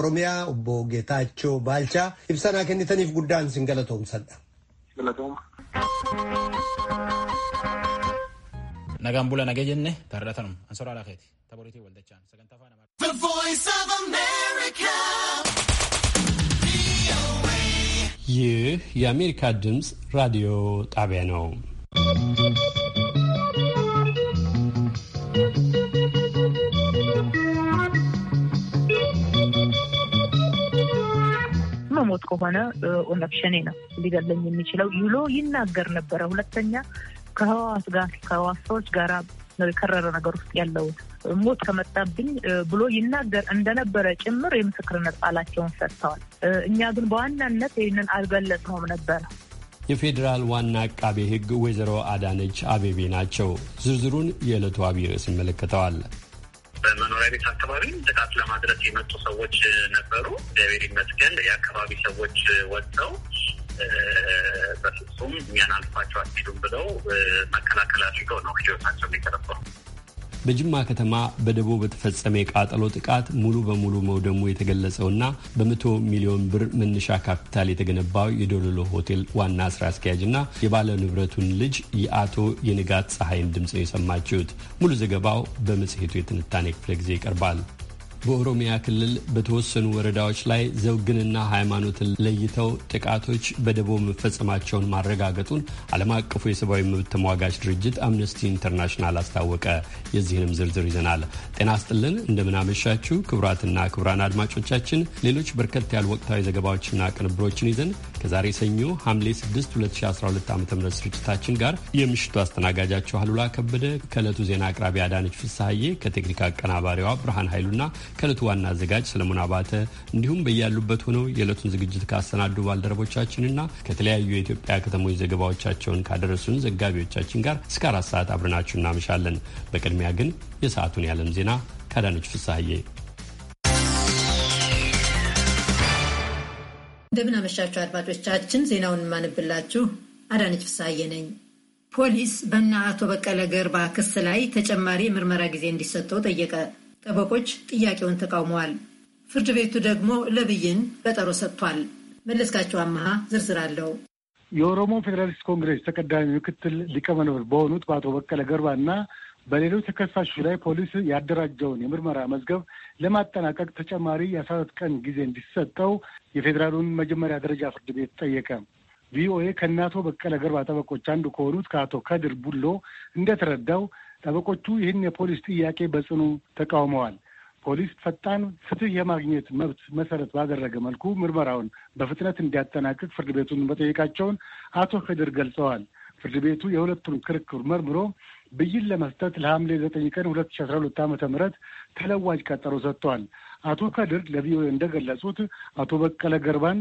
Oromiyaa obbo Geetaachoo Baalchaa ibsanaa kennitaniif guddaan sin galatoomsadha. Nagaan bula nagee jenne tardhatanu ansoraa laafeeti. Taboriitii waldachaan sagantaa afaan Amaaraa. ይህ የአሜሪካ ድምፅ ራዲዮ ሞት ከሆነ ኦነግ ሸኔ ነው ሊገለኝ የሚችለው ይሎ ይናገር ነበረ። ሁለተኛ ከህዋስ ጋር ከህዋስ ሰዎች ጋር ነው የከረረ ነገር ውስጥ ያለውን ሞት ከመጣብኝ ብሎ ይናገር እንደነበረ ጭምር የምስክርነት ቃላቸውን ሰጥተዋል። እኛ ግን በዋናነት ይህንን አልገለጽነውም ነበረ። የፌዴራል ዋና አቃቤ ሕግ ወይዘሮ አዳነች አቤቤ ናቸው። ዝርዝሩን የዕለቱ አብይ ርዕስ ይመለከተዋል። በመኖሪያ ቤት አካባቢ ጥቃት ለማድረስ የመጡ ሰዎች ነበሩ። እግዚአብሔር ይመስገን የአካባቢ ሰዎች ወጥተው በፍጹም እኛን አልፋቸው አትሄዱም ብለው መከላከል አድርገው ነው ህይወታቸውን የተረፈው። በጅማ ከተማ በደቦ በተፈጸመ የቃጠሎ ጥቃት ሙሉ በሙሉ መውደሙ የተገለጸውና በመቶ ሚሊዮን ብር መነሻ ካፒታል የተገነባው የዶሎሎ ሆቴል ዋና ስራ አስኪያጅና የባለ ንብረቱን ልጅ የአቶ የንጋት ፀሐይን ድምፅ ነው የሰማችሁት። ሙሉ ዘገባው በመጽሔቱ የትንታኔ ክፍለ ጊዜ ይቀርባል። በኦሮሚያ ክልል በተወሰኑ ወረዳዎች ላይ ዘውግንና ሃይማኖትን ለይተው ጥቃቶች በደቦ መፈጸማቸውን ማረጋገጡን ዓለም አቀፉ የሰብአዊ መብት ተሟጋች ድርጅት አምነስቲ ኢንተርናሽናል አስታወቀ። የዚህንም ዝርዝር ይዘናል። ጤና ስጥልን፣ እንደምናመሻችሁ ክቡራትና ክቡራን አድማጮቻችን ሌሎች በርከት ያሉ ወቅታዊ ዘገባዎችና ቅንብሮችን ይዘን ከዛሬ ሰኞ ሐምሌ 6 2012 ዓ ም ስርጭታችን ጋር የምሽቱ አስተናጋጃቸው አሉላ ከበደ ከእለቱ ዜና አቅራቢ አዳነች ፍሳሐዬ ከቴክኒክ አቀናባሪዋ ብርሃን ኃይሉና ከእለቱ ዋና አዘጋጅ ሰለሞን አባተ እንዲሁም በያሉበት ሆነው የዕለቱን ዝግጅት ካሰናዱ ባልደረቦቻችንና ከተለያዩ የኢትዮጵያ ከተሞች ዘገባዎቻቸውን ካደረሱን ዘጋቢዎቻችን ጋር እስከ አራት ሰዓት አብረናችሁ እናመሻለን። በቅድሚያ ግን የሰዓቱን የዓለም ዜና ከአዳነች ፍሳሐዬ እንደምናመሻቸው አድማጮቻችን። ዜናውን ማንብላችሁ አዳነች ፍስሐዬ ነኝ። ፖሊስ በእነ አቶ በቀለ ገርባ ክስ ላይ ተጨማሪ የምርመራ ጊዜ እንዲሰጠው ጠየቀ። ጠበቆች ጥያቄውን ተቃውመዋል። ፍርድ ቤቱ ደግሞ ለብይን ቀጠሮ ሰጥቷል። መለስካቸው አመሃ ዝርዝር አለው። የኦሮሞ ፌዴራሊስት ኮንግሬስ ተቀዳሚ ምክትል ሊቀመንበር በሆኑት በአቶ በቀለ ገርባ እና በሌሎች ተከሳሾች ላይ ፖሊስ ያደራጀውን የምርመራ መዝገብ ለማጠናቀቅ ተጨማሪ የአስራ አራት ቀን ጊዜ እንዲሰጠው የፌዴራሉን መጀመሪያ ደረጃ ፍርድ ቤት ጠየቀ። ቪኦኤ ከእነ አቶ በቀለ ገርባ ጠበቆች አንዱ ከሆኑት ከአቶ ከድር ቡሎ እንደተረዳው ጠበቆቹ ይህን የፖሊስ ጥያቄ በጽኑ ተቃውመዋል። ፖሊስ ፈጣን ፍትህ የማግኘት መብት መሰረት ባደረገ መልኩ ምርመራውን በፍጥነት እንዲያጠናቅቅ ፍርድ ቤቱን መጠየቃቸውን አቶ ከድር ገልጸዋል። ፍርድ ቤቱ የሁለቱን ክርክር መርምሮ ብይን ለመስጠት ለሐምሌ ዘጠኝ ቀን ሁለት ሺ አስራ ሁለት ዓመተ ምህረት ተለዋጅ ቀጠሮ ሰጥቷል። አቶ ከድር ለቪኦኤ እንደገለጹት አቶ በቀለ ገርባን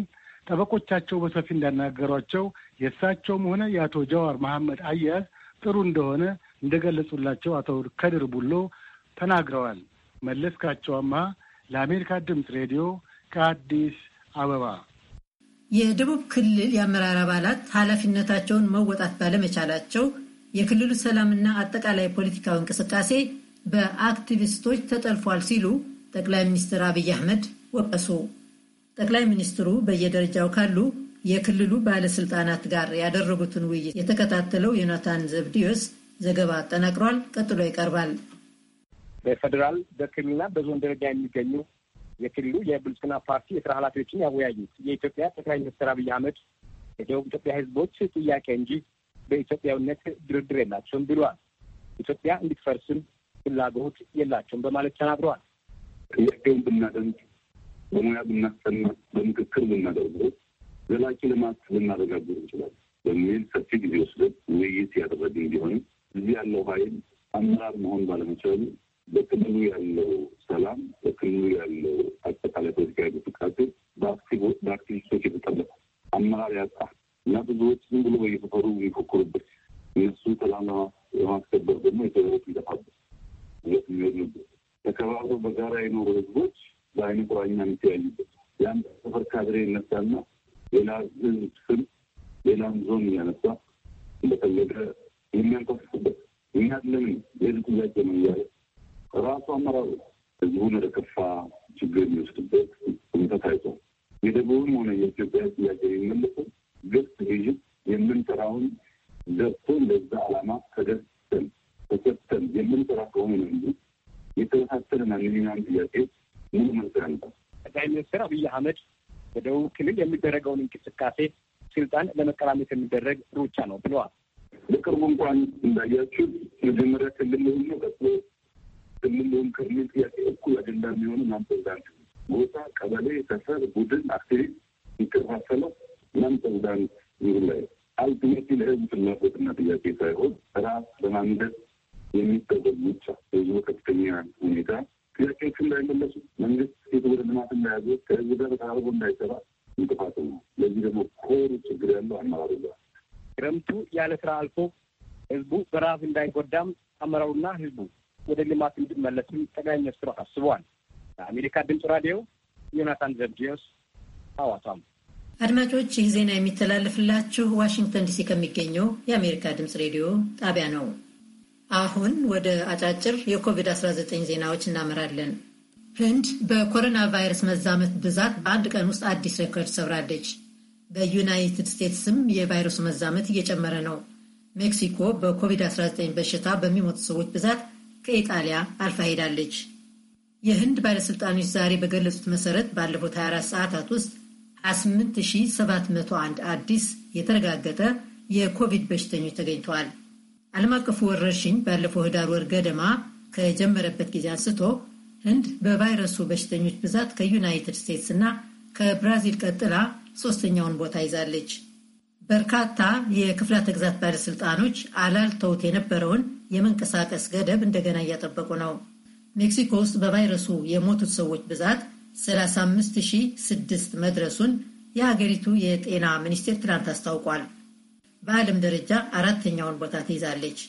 ጠበቆቻቸው በሰፊ እንዳናገሯቸው የእሳቸውም ሆነ የአቶ ጀዋር መሐመድ አያያዝ ጥሩ እንደሆነ እንደገለጹላቸው አቶ ከድር ቡሎ ተናግረዋል። መለስካቸው አማ ለአሜሪካ ድምፅ ሬዲዮ ከአዲስ አበባ። የደቡብ ክልል የአመራር አባላት ኃላፊነታቸውን መወጣት ባለመቻላቸው የክልሉ ሰላምና አጠቃላይ ፖለቲካዊ እንቅስቃሴ በአክቲቪስቶች ተጠልፏል ሲሉ ጠቅላይ ሚኒስትር አብይ አህመድ ወቀሱ። ጠቅላይ ሚኒስትሩ በየደረጃው ካሉ የክልሉ ባለስልጣናት ጋር ያደረጉትን ውይይት የተከታተለው ዮናታን ዘብዲዮስ ዘገባ አጠናቅሯል። ቀጥሎ ይቀርባል። በፌዴራል በክልልና በዞን ደረጃ የሚገኙ የክልሉ የብልጽግና ፓርቲ የስራ ኃላፊዎችን ያወያዩት የኢትዮጵያ ጠቅላይ ሚኒስትር አብይ አህመድ የደቡብ ኢትዮጵያ ህዝቦች ጥያቄ እንጂ በኢትዮጵያዊነት ድርድር የላቸውም ብለዋል። ኢትዮጵያ እንድትፈርስም ፍላጎት የላቸውም በማለት ተናግረዋል። ጥያቄውን ብናደንቅ፣ በሙያ ብናሰማ በምክክር ብናደርገው ዘላቂ ልማት ልናረጋግጥ ይችላል። በሚል ሰፊ ጊዜ ወስደን ውይይት ያደረግን ቢሆንም እዚህ ያለው ኃይል አመራር መሆን ባለመቻሉ በክልሉ ያለው ሰላም በክልሉ ያለው አጠቃላይ ፖለቲካ እንቅስቃሴ በአክቲቪስቶች የተጠለፈ አመራር ያጣ እና ብዙዎች ዝም ብሎ በየሰፈሩ የሚፎክሩበት እነሱ ሰላም ለማስከበር ደግሞ የተወት ይጠፋበት ሁለት ነበር። ተከባብሮ በጋራ የኖሩ ህዝቦች በአይነ ቁራኛ የሚተያዩበት የአንድ ሰፈር ካድሬ ይነሳና ሌላ ህዝብ ስም ሌላም ዞን እያነሳ እንደፈለገ የሚያንቀሳቅስበት የሚያድለን የህዝብ ጥያቄ ነው እያለ ራሱ አመራሩ ህዝቡን ወደ ከፋ ችግር የሚወስድበት ሁኔታ ታይቷል። የደቡብም ሆነ የኢትዮጵያ ጥያቄ የሚመለሰው ግልጽ ግዥት የምንጠራውን ገብቶ ለዛ ዓላማ ተደስተን ተሰተን የምንጠራ ከሆነ ነው እንጂ የተወሳሰረ ማንኛውም ጥያቄ ሙሉ መልስ ነበር። ጠቅላይ ሚኒስትር አብይ አህመድ በደቡብ ክልል የሚደረገውን እንቅስቃሴ ስልጣን ለመቀራመት የሚደረግ ሩጫ ነው ብለዋል። በቅርቡ እንኳን እንዳያችሁ መጀመሪያ ክልል ለሆን ነው ቀጥሎ ክልል ለሆን ክልል ጥያቄ እኩል አጀንዳ የሚሆኑ ናምፕሬዚዳንት ቦታ፣ ቀበሌ፣ ሰፈር፣ ቡድን፣ አክቲቪስት የሚከፋፈለው ናምፕሬዚዳንት ይሩ ላይ አልቲሜትሊ ለህዝብ ፍላጎትና ጥያቄ ሳይሆን ራስ በማንደት አልፎ ህዝቡ በረሀብ እንዳይጎዳም አመራሩና ህዝቡ ወደ ልማት እንዲመለስም ጠቅላይ ሚኒስትሩ አስበዋል። ለአሜሪካ ድምፅ ራዲዮ ዮናታን ዘብድዮስ ሐዋሳም። አድማጮች ይህ ዜና የሚተላለፍላችሁ ዋሽንግተን ዲሲ ከሚገኘው የአሜሪካ ድምፅ ሬዲዮ ጣቢያ ነው። አሁን ወደ አጫጭር የኮቪድ-19 ዜናዎች እናመራለን። ህንድ በኮሮና ቫይረስ መዛመት ብዛት በአንድ ቀን ውስጥ አዲስ ሬኮርድ ሰብራለች። በዩናይትድ ስቴትስም የቫይረሱ መዛመት እየጨመረ ነው። ሜክሲኮ በኮቪድ-19 በሽታ በሚሞቱ ሰዎች ብዛት ከኢጣሊያ አልፋ ሄዳለች። የህንድ ባለሥልጣኖች ዛሬ በገለጹት መሠረት ባለፉት 24 ሰዓታት ውስጥ 28701 አዲስ የተረጋገጠ የኮቪድ በሽተኞች ተገኝተዋል። ዓለም አቀፉ ወረርሽኝ ባለፈው ህዳር ወር ገደማ ከጀመረበት ጊዜ አንስቶ ህንድ በቫይረሱ በሽተኞች ብዛት ከዩናይትድ ስቴትስ እና ከብራዚል ቀጥላ ሶስተኛውን ቦታ ይዛለች። በርካታ የክፍላተ ግዛት ባለሥልጣኖች አላልተውት የነበረውን የመንቀሳቀስ ገደብ እንደገና እያጠበቁ ነው። ሜክሲኮ ውስጥ በቫይረሱ የሞቱት ሰዎች ብዛት 35006 መድረሱን የሀገሪቱ የጤና ሚኒስቴር ትናንት አስታውቋል። በዓለም ደረጃ አራተኛውን ቦታ ትይዛለች።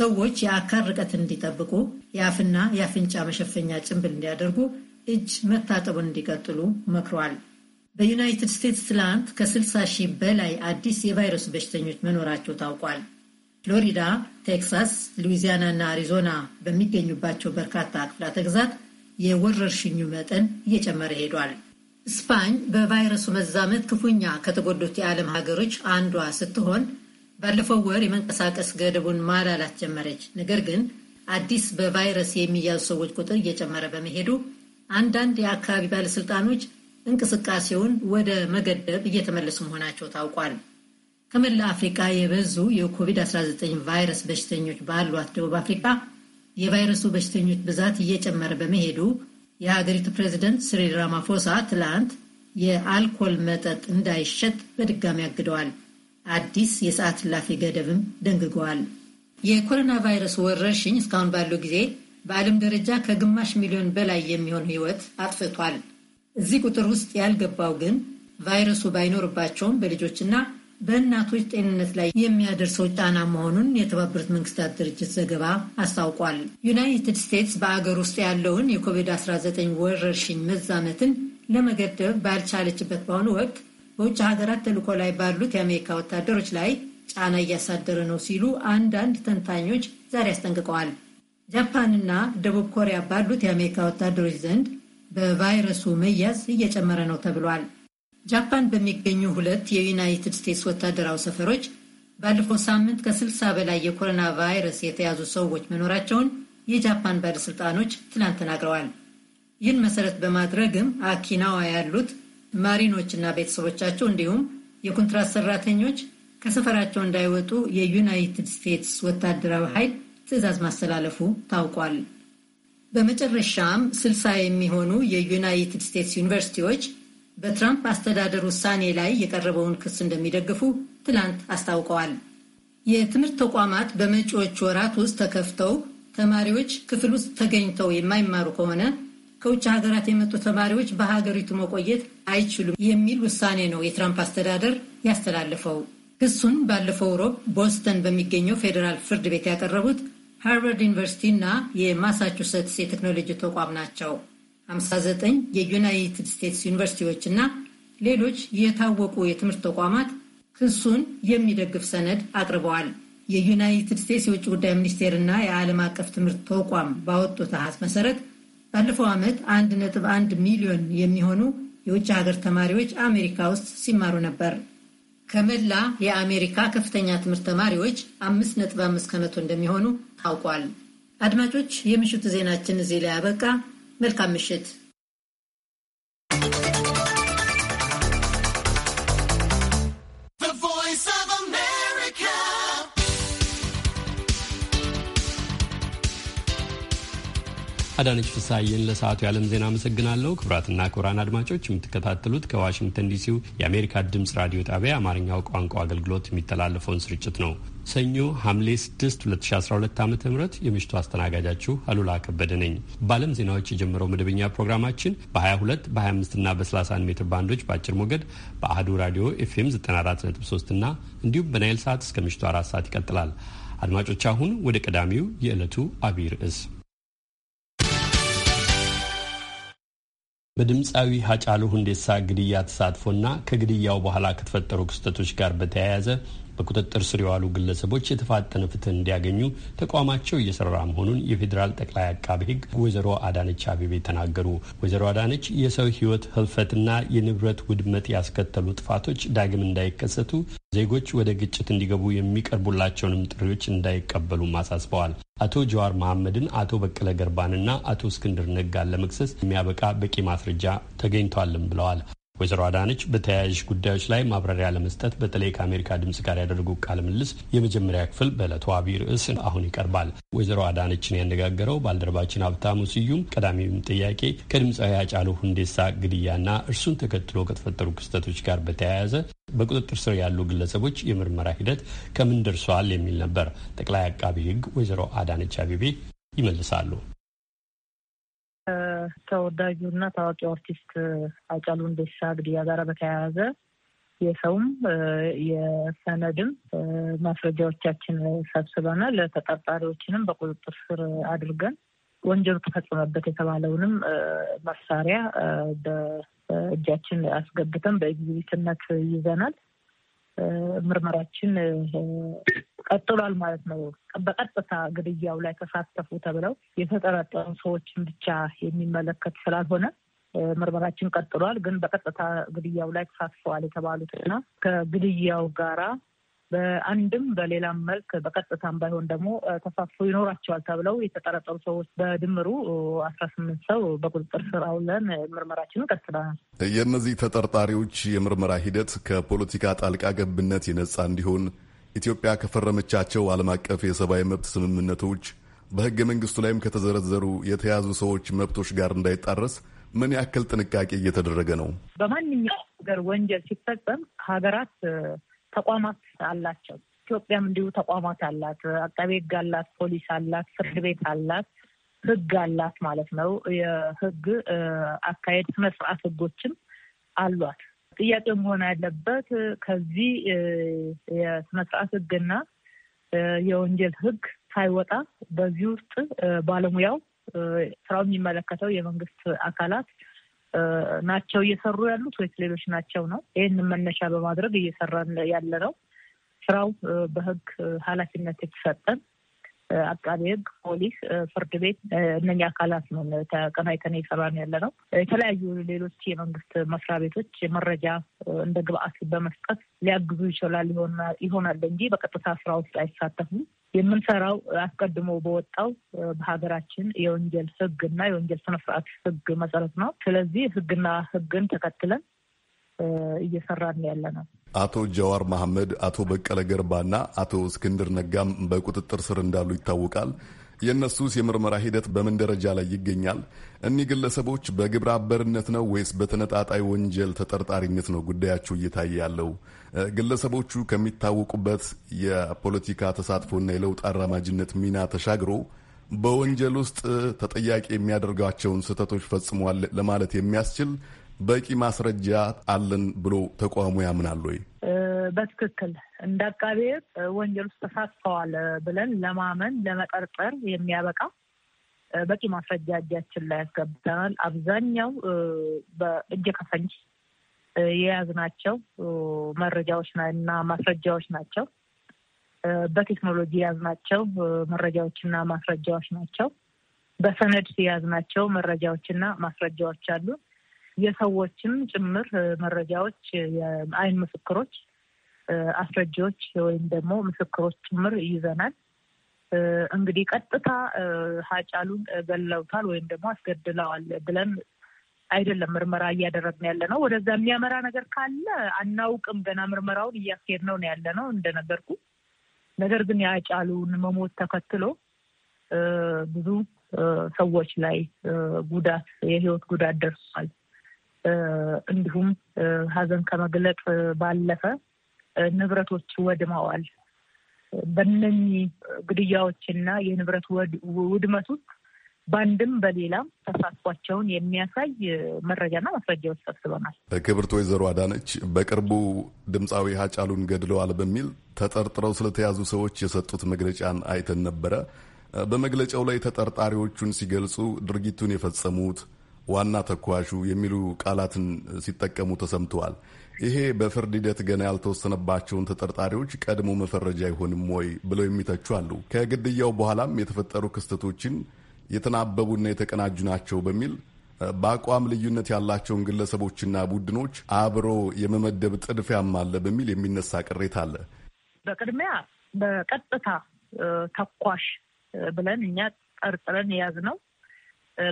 ሰዎች የአካል ርቀትን እንዲጠብቁ፣ የአፍና የአፍንጫ መሸፈኛ ጭንብል እንዲያደርጉ፣ እጅ መታጠቡን እንዲቀጥሉ መክሯል። በዩናይትድ ስቴትስ ትላንት ከ60 ሺህ በላይ አዲስ የቫይረሱ በሽተኞች መኖራቸው ታውቋል። ፍሎሪዳ፣ ቴክሳስ፣ ሉዊዚያና እና አሪዞና በሚገኙባቸው በርካታ ክፍላተ ግዛት የወረርሽኙ መጠን እየጨመረ ሄዷል። ስፓኝ በቫይረሱ መዛመት ክፉኛ ከተጎዱት የዓለም ሀገሮች አንዷ ስትሆን ባለፈው ወር የመንቀሳቀስ ገደቡን ማላላት ጀመረች። ነገር ግን አዲስ በቫይረስ የሚያዙ ሰዎች ቁጥር እየጨመረ በመሄዱ አንዳንድ የአካባቢ ባለስልጣኖች እንቅስቃሴውን ወደ መገደብ እየተመለሱ መሆናቸው ታውቋል። ከመላ አፍሪካ የበዙ የኮቪድ-19 ቫይረስ በሽተኞች ባሏት ደቡብ አፍሪካ የቫይረሱ በሽተኞች ብዛት እየጨመረ በመሄዱ የሀገሪቱ ፕሬዚደንት ሲሪል ራማፎሳ ትላንት የአልኮል መጠጥ እንዳይሸጥ በድጋሚ አግደዋል። አዲስ የሰዓት እላፊ ገደብም ደንግገዋል። የኮሮና ቫይረስ ወረርሽኝ እስካሁን ባለው ጊዜ በዓለም ደረጃ ከግማሽ ሚሊዮን በላይ የሚሆን ሕይወት አጥፍቷል። እዚህ ቁጥር ውስጥ ያልገባው ግን ቫይረሱ ባይኖርባቸውም በልጆችና በእናቶች ጤንነት ላይ የሚያደርሰው ጫና መሆኑን የተባበሩት መንግስታት ድርጅት ዘገባ አስታውቋል። ዩናይትድ ስቴትስ በአገር ውስጥ ያለውን የኮቪድ-19 ወረርሽኝ መዛመትን ለመገደብ ባልቻለችበት በአሁኑ ወቅት በውጭ ሀገራት ተልዕኮ ላይ ባሉት የአሜሪካ ወታደሮች ላይ ጫና እያሳደረ ነው ሲሉ አንዳንድ ተንታኞች ዛሬ አስጠንቅቀዋል። ጃፓንና ደቡብ ኮሪያ ባሉት የአሜሪካ ወታደሮች ዘንድ በቫይረሱ መያዝ እየጨመረ ነው ተብሏል። ጃፓን በሚገኙ ሁለት የዩናይትድ ስቴትስ ወታደራዊ ሰፈሮች ባለፈው ሳምንት ከ60 በላይ የኮሮና ቫይረስ የተያዙ ሰዎች መኖራቸውን የጃፓን ባለሥልጣኖች ትናንት ተናግረዋል። ይህን መሰረት በማድረግም አኪናዋ ያሉት ማሪኖችና ቤተሰቦቻቸው እንዲሁም የኮንትራት ሰራተኞች ከሰፈራቸው እንዳይወጡ የዩናይትድ ስቴትስ ወታደራዊ ኃይል ትዕዛዝ ማስተላለፉ ታውቋል። በመጨረሻም ስልሳ የሚሆኑ የዩናይትድ ስቴትስ ዩኒቨርሲቲዎች በትራምፕ አስተዳደር ውሳኔ ላይ የቀረበውን ክስ እንደሚደግፉ ትላንት አስታውቀዋል። የትምህርት ተቋማት በመጪዎች ወራት ውስጥ ተከፍተው ተማሪዎች ክፍል ውስጥ ተገኝተው የማይማሩ ከሆነ ከውጭ ሀገራት የመጡ ተማሪዎች በሀገሪቱ መቆየት አይችሉም የሚል ውሳኔ ነው የትራምፕ አስተዳደር ያስተላለፈው። ክሱን ባለፈው ሮብ ቦስተን በሚገኘው ፌዴራል ፍርድ ቤት ያቀረቡት ሃርቨርድ ዩኒቨርሲቲ እና የማሳቹሴትስ የቴክኖሎጂ ተቋም ናቸው። 59 የዩናይትድ ስቴትስ ዩኒቨርሲቲዎች እና ሌሎች የታወቁ የትምህርት ተቋማት ክሱን የሚደግፍ ሰነድ አቅርበዋል። የዩናይትድ ስቴትስ የውጭ ጉዳይ ሚኒስቴር እና የዓለም አቀፍ ትምህርት ተቋም ባወጡት አሃዝ መሰረት ባለፈው ዓመት 1.1 ሚሊዮን የሚሆኑ የውጭ ሀገር ተማሪዎች አሜሪካ ውስጥ ሲማሩ ነበር። ከመላ የአሜሪካ ከፍተኛ ትምህርት ተማሪዎች 5.5 ከመቶ እንደሚሆኑ ታውቋል። አድማጮች፣ የምሽቱ ዜናችን እዚህ ላይ አበቃ መልካም ምሽት። አዳነች ፍሳዬን ለሰዓቱ የዓለም ዜና አመሰግናለሁ። ክቡራትና ክቡራን አድማጮች የምትከታተሉት ከዋሽንግተን ዲሲው የአሜሪካ ድምፅ ራዲዮ ጣቢያ አማርኛው ቋንቋ አገልግሎት የሚተላለፈውን ስርጭት ነው። ሰኞ ሐምሌ 6 2012 ዓ ም የምሽቱ አስተናጋጃችሁ አሉላ ከበደ ነኝ። በዓለም ዜናዎች የጀመረው መደበኛ ፕሮግራማችን በ22 በ25ና በ31 ሜትር ባንዶች በአጭር ሞገድ በአህዱ ራዲዮ ኤፍኤም 943 እና እንዲሁም በናይል ሰዓት እስከ ምሽቱ አራት ሰዓት ይቀጥላል። አድማጮች አሁን ወደ ቀዳሚው የዕለቱ አብይ ርዕስ በድምፃዊ ሀጫሉ ሁንዴሳ ግድያ ተሳትፎና ከግድያው በኋላ ከተፈጠሩ ክስተቶች ጋር በተያያዘ በቁጥጥር ስር የዋሉ ግለሰቦች የተፋጠነ ፍትህ እንዲያገኙ ተቋማቸው እየሰራ መሆኑን የፌዴራል ጠቅላይ አቃቤ ሕግ ወይዘሮ አዳነች አቤቤ ተናገሩ። ወይዘሮ አዳነች የሰው ሕይወት ህልፈትና የንብረት ውድመት ያስከተሉ ጥፋቶች ዳግም እንዳይከሰቱ ዜጎች ወደ ግጭት እንዲገቡ የሚቀርቡላቸውንም ጥሪዎች እንዳይቀበሉ አሳስበዋል። አቶ ጀዋር መሐመድን፣ አቶ በቀለ ገርባንና አቶ እስክንድር ነጋን ለመክሰስ የሚያበቃ በቂ ማስረጃ ተገኝቷልም ብለዋል። ወይዘሮ አዳነች በተያያዥ ጉዳዮች ላይ ማብራሪያ ለመስጠት በተለይ ከአሜሪካ ድምጽ ጋር ያደረጉ ቃለ ምልልስ የመጀመሪያ ክፍል በዕለቱ አብይ ርዕስ አሁን ይቀርባል። ወይዘሮ አዳነችን ያነጋገረው ባልደረባችን ሀብታሙ ስዩም ቀዳሚውን ጥያቄ ከድምፃዊ ሃጫሉ ሁንዴሳ ግድያና እርሱን ተከትሎ ከተፈጠሩ ክስተቶች ጋር በተያያዘ በቁጥጥር ስር ያሉ ግለሰቦች የምርመራ ሂደት ከምን ደርሷል የሚል ነበር። ጠቅላይ አቃቢ ሕግ ወይዘሮ አዳነች አቤቤ ይመልሳሉ። ከተወዳጁ እና ታዋቂው አርቲስት ሃጫሉ ሁንዴሳ ግድያ ጋር በተያያዘ የሰውም የሰነድም ማስረጃዎቻችን ሰብስበናል። ተጠርጣሪዎችንም በቁጥጥር ስር አድርገን ወንጀሉ ተፈጸመበት የተባለውንም መሳሪያ በእጃችን አስገብተን በኤግዚቢትነት ይዘናል። ምርመራችን ቀጥሏል ማለት ነው። በቀጥታ ግድያው ላይ ተሳተፉ ተብለው የተጠረጠሩ ሰዎችን ብቻ የሚመለከት ስላልሆነ ምርመራችን ቀጥሏል። ግን በቀጥታ ግድያው ላይ ተሳትፈዋል የተባሉትና ከግድያው ጋራ በአንድም በሌላም መልክ በቀጥታም ባይሆን ደግሞ ተሳትፎ ይኖራቸዋል ተብለው የተጠረጠሩ ሰዎች በድምሩ አስራ ስምንት ሰው በቁጥጥር ስር አውለን ምርመራችንን ቀጥለናል። የእነዚህ ተጠርጣሪዎች የምርመራ ሂደት ከፖለቲካ ጣልቃ ገብነት የነጻ እንዲሆን ኢትዮጵያ ከፈረመቻቸው ዓለም አቀፍ የሰብአዊ መብት ስምምነቶች በህገ መንግስቱ ላይም ከተዘረዘሩ የተያዙ ሰዎች መብቶች ጋር እንዳይጣረስ ምን ያክል ጥንቃቄ እየተደረገ ነው? በማንኛውም ገር ወንጀል ሲፈጸም ሀገራት ተቋማት አላቸው። ኢትዮጵያም እንዲሁ ተቋማት አላት። አቃቤ ሕግ አላት፣ ፖሊስ አላት፣ ፍርድ ቤት አላት፣ ሕግ አላት ማለት ነው። የሕግ አካሄድ ስነስርዓት ሕጎችም አሏት። ጥያቄ መሆን ያለበት ከዚህ የስነስርዓት ሕግና የወንጀል ሕግ ሳይወጣ በዚህ ውስጥ ባለሙያው ስራው የሚመለከተው የመንግስት አካላት ናቸው እየሰሩ ያሉት ወይስ ሌሎች ናቸው ነው? ይህን መነሻ በማድረግ እየሰራን ያለ ነው። ስራው በህግ ኃላፊነት የተሰጠን አቃቤ ህግ፣ ፖሊስ፣ ፍርድ ቤት እነኛ አካላት ነው ተቀናይተን እየሰራን ያለ ነው። የተለያዩ ሌሎች የመንግስት መስሪያ ቤቶች መረጃ እንደ ግብአት በመስጠት ሊያግዙ ይችላል ይሆናል እንጂ በቀጥታ ስራ ውስጥ አይሳተፉም። የምንሰራው አስቀድሞ በወጣው በሀገራችን የወንጀል ሕግና የወንጀል ስነስርዓት ህግ መሰረት ነው። ስለዚህ ህግና ህግን ተከትለን እየሰራን ያለ ነው። አቶ ጀዋር መሐመድ፣ አቶ በቀለ ገርባና አቶ እስክንድር ነጋም በቁጥጥር ስር እንዳሉ ይታወቃል። የእነሱስ የምርመራ ሂደት በምን ደረጃ ላይ ይገኛል? እኒህ ግለሰቦች በግብረ አበርነት ነው ወይስ በተነጣጣይ ወንጀል ተጠርጣሪነት ነው ጉዳያቸው እየታየ ያለው? ግለሰቦቹ ከሚታወቁበት የፖለቲካ ተሳትፎና የለውጥ አራማጅነት ሚና ተሻግሮ በወንጀል ውስጥ ተጠያቂ የሚያደርጋቸውን ስህተቶች ፈጽሟል ለማለት የሚያስችል በቂ ማስረጃ አለን ብሎ ተቋሙ ያምናል ወይ? በትክክል እንደ አቃቤ ወንጀል ውስጥ ተሳትፈዋል ብለን ለማመን ለመጠርጠር የሚያበቃ በቂ ማስረጃ እጃችን ላይ ያስገብተናል። አብዛኛው በእጅ ከፈንጅ የያዝናቸው መረጃዎች እና ማስረጃዎች ናቸው። በቴክኖሎጂ የያዝናቸው መረጃዎችና ማስረጃዎች ናቸው። በሰነድ የያዝናቸው መረጃዎችና ማስረጃዎች አሉ። የሰዎችም ጭምር መረጃዎች፣ የአይን ምስክሮች አስረጂዎች ወይም ደግሞ ምስክሮች ጭምር ይዘናል። እንግዲህ ቀጥታ ሀጫሉን ገለውታል ወይም ደግሞ አስገድለዋል ብለን አይደለም ምርመራ እያደረግን ያለ ነው። ወደዛ የሚያመራ ነገር ካለ አናውቅም። ገና ምርመራውን እያስኬድ ነው ነው ያለ ነው እንደነገርኩ። ነገር ግን የሀጫሉን መሞት ተከትሎ ብዙ ሰዎች ላይ ጉዳት የህይወት ጉዳት ደርሷል። እንዲሁም ሀዘን ከመግለጥ ባለፈ ንብረቶች ወድመዋል። ግድያዎች ግድያዎችና የንብረት ውድመት ውስጥ በአንድም በሌላም ተሳትፏቸውን የሚያሳይ መረጃና ማስረጃዎች ሰብስበናል። ክብርት ወይዘሮ አዳነች በቅርቡ ድምፃዊ ሀጫሉን ገድለዋል በሚል ተጠርጥረው ስለተያዙ ሰዎች የሰጡት መግለጫን አይተን ነበረ። በመግለጫው ላይ ተጠርጣሪዎቹን ሲገልጹ ድርጊቱን የፈጸሙት ዋና ተኳሹ የሚሉ ቃላትን ሲጠቀሙ ተሰምተዋል። ይሄ በፍርድ ሂደት ገና ያልተወሰነባቸውን ተጠርጣሪዎች ቀድሞ መፈረጃ አይሆንም ወይ ብለው የሚተቹ አሉ። ከግድያው በኋላም የተፈጠሩ ክስተቶችን የተናበቡና የተቀናጁ ናቸው በሚል በአቋም ልዩነት ያላቸውን ግለሰቦችና ቡድኖች አብሮ የመመደብ ጥድፊያም አለ በሚል የሚነሳ ቅሬታ አለ። በቅድሚያ በቀጥታ ተኳሽ ብለን እኛ ጠርጥረን የያዝነው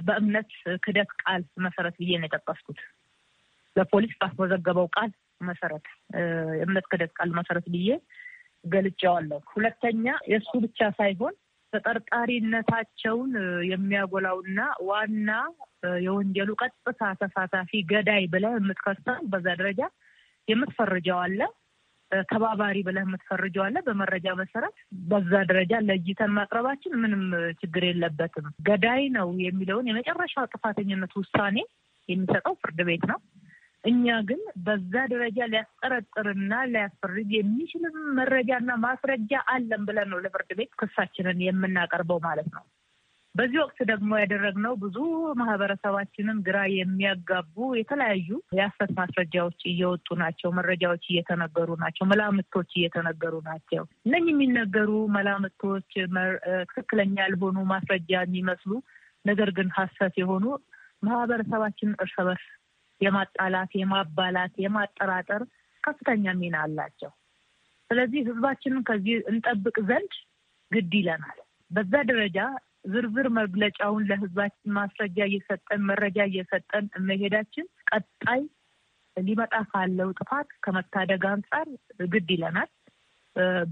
በእምነት ክደት ቃል መሰረት ብዬ ነው የጠቀስኩት ለፖሊስ ባስመዘገበው ቃል መሰረት የእምነት ቃል መሰረት ብዬ ገልጫዋለሁ። ሁለተኛ የእሱ ብቻ ሳይሆን ተጠርጣሪነታቸውን የሚያጎላውና ዋና የወንጀሉ ቀጥታ ተሳታፊ ገዳይ ብለህ የምትከሰው በዛ ደረጃ የምትፈርጀው አለ፣ ተባባሪ ብለህ የምትፈርጀው አለ። በመረጃ መሰረት በዛ ደረጃ ለይተን ማቅረባችን ምንም ችግር የለበትም። ገዳይ ነው የሚለውን የመጨረሻ ጥፋተኝነት ውሳኔ የሚሰጠው ፍርድ ቤት ነው። እኛ ግን በዛ ደረጃ ሊያስጠረጥርና ሊያስፈርድ የሚችልም መረጃና ማስረጃ አለን ብለን ነው ለፍርድ ቤት ክሳችንን የምናቀርበው ማለት ነው። በዚህ ወቅት ደግሞ ያደረግነው ብዙ ማህበረሰባችንን ግራ የሚያጋቡ የተለያዩ የሐሰት ማስረጃዎች እየወጡ ናቸው። መረጃዎች እየተነገሩ ናቸው። መላምቶች እየተነገሩ ናቸው። እነኝህ የሚነገሩ መላምቶች ትክክለኛ ያልሆኑ ማስረጃ የሚመስሉ ነገር ግን ሐሰት የሆኑ ማህበረሰባችንን እርስ በርስ የማጣላት፣ የማባላት፣ የማጠራጠር ከፍተኛ ሚና አላቸው። ስለዚህ ህዝባችንን ከዚህ እንጠብቅ ዘንድ ግድ ይለናል። በዛ ደረጃ ዝርዝር መግለጫውን ለህዝባችን ማስረጃ እየሰጠን መረጃ እየሰጠን መሄዳችን ቀጣይ ሊመጣ ካለው ጥፋት ከመታደግ አንጻር ግድ ይለናል።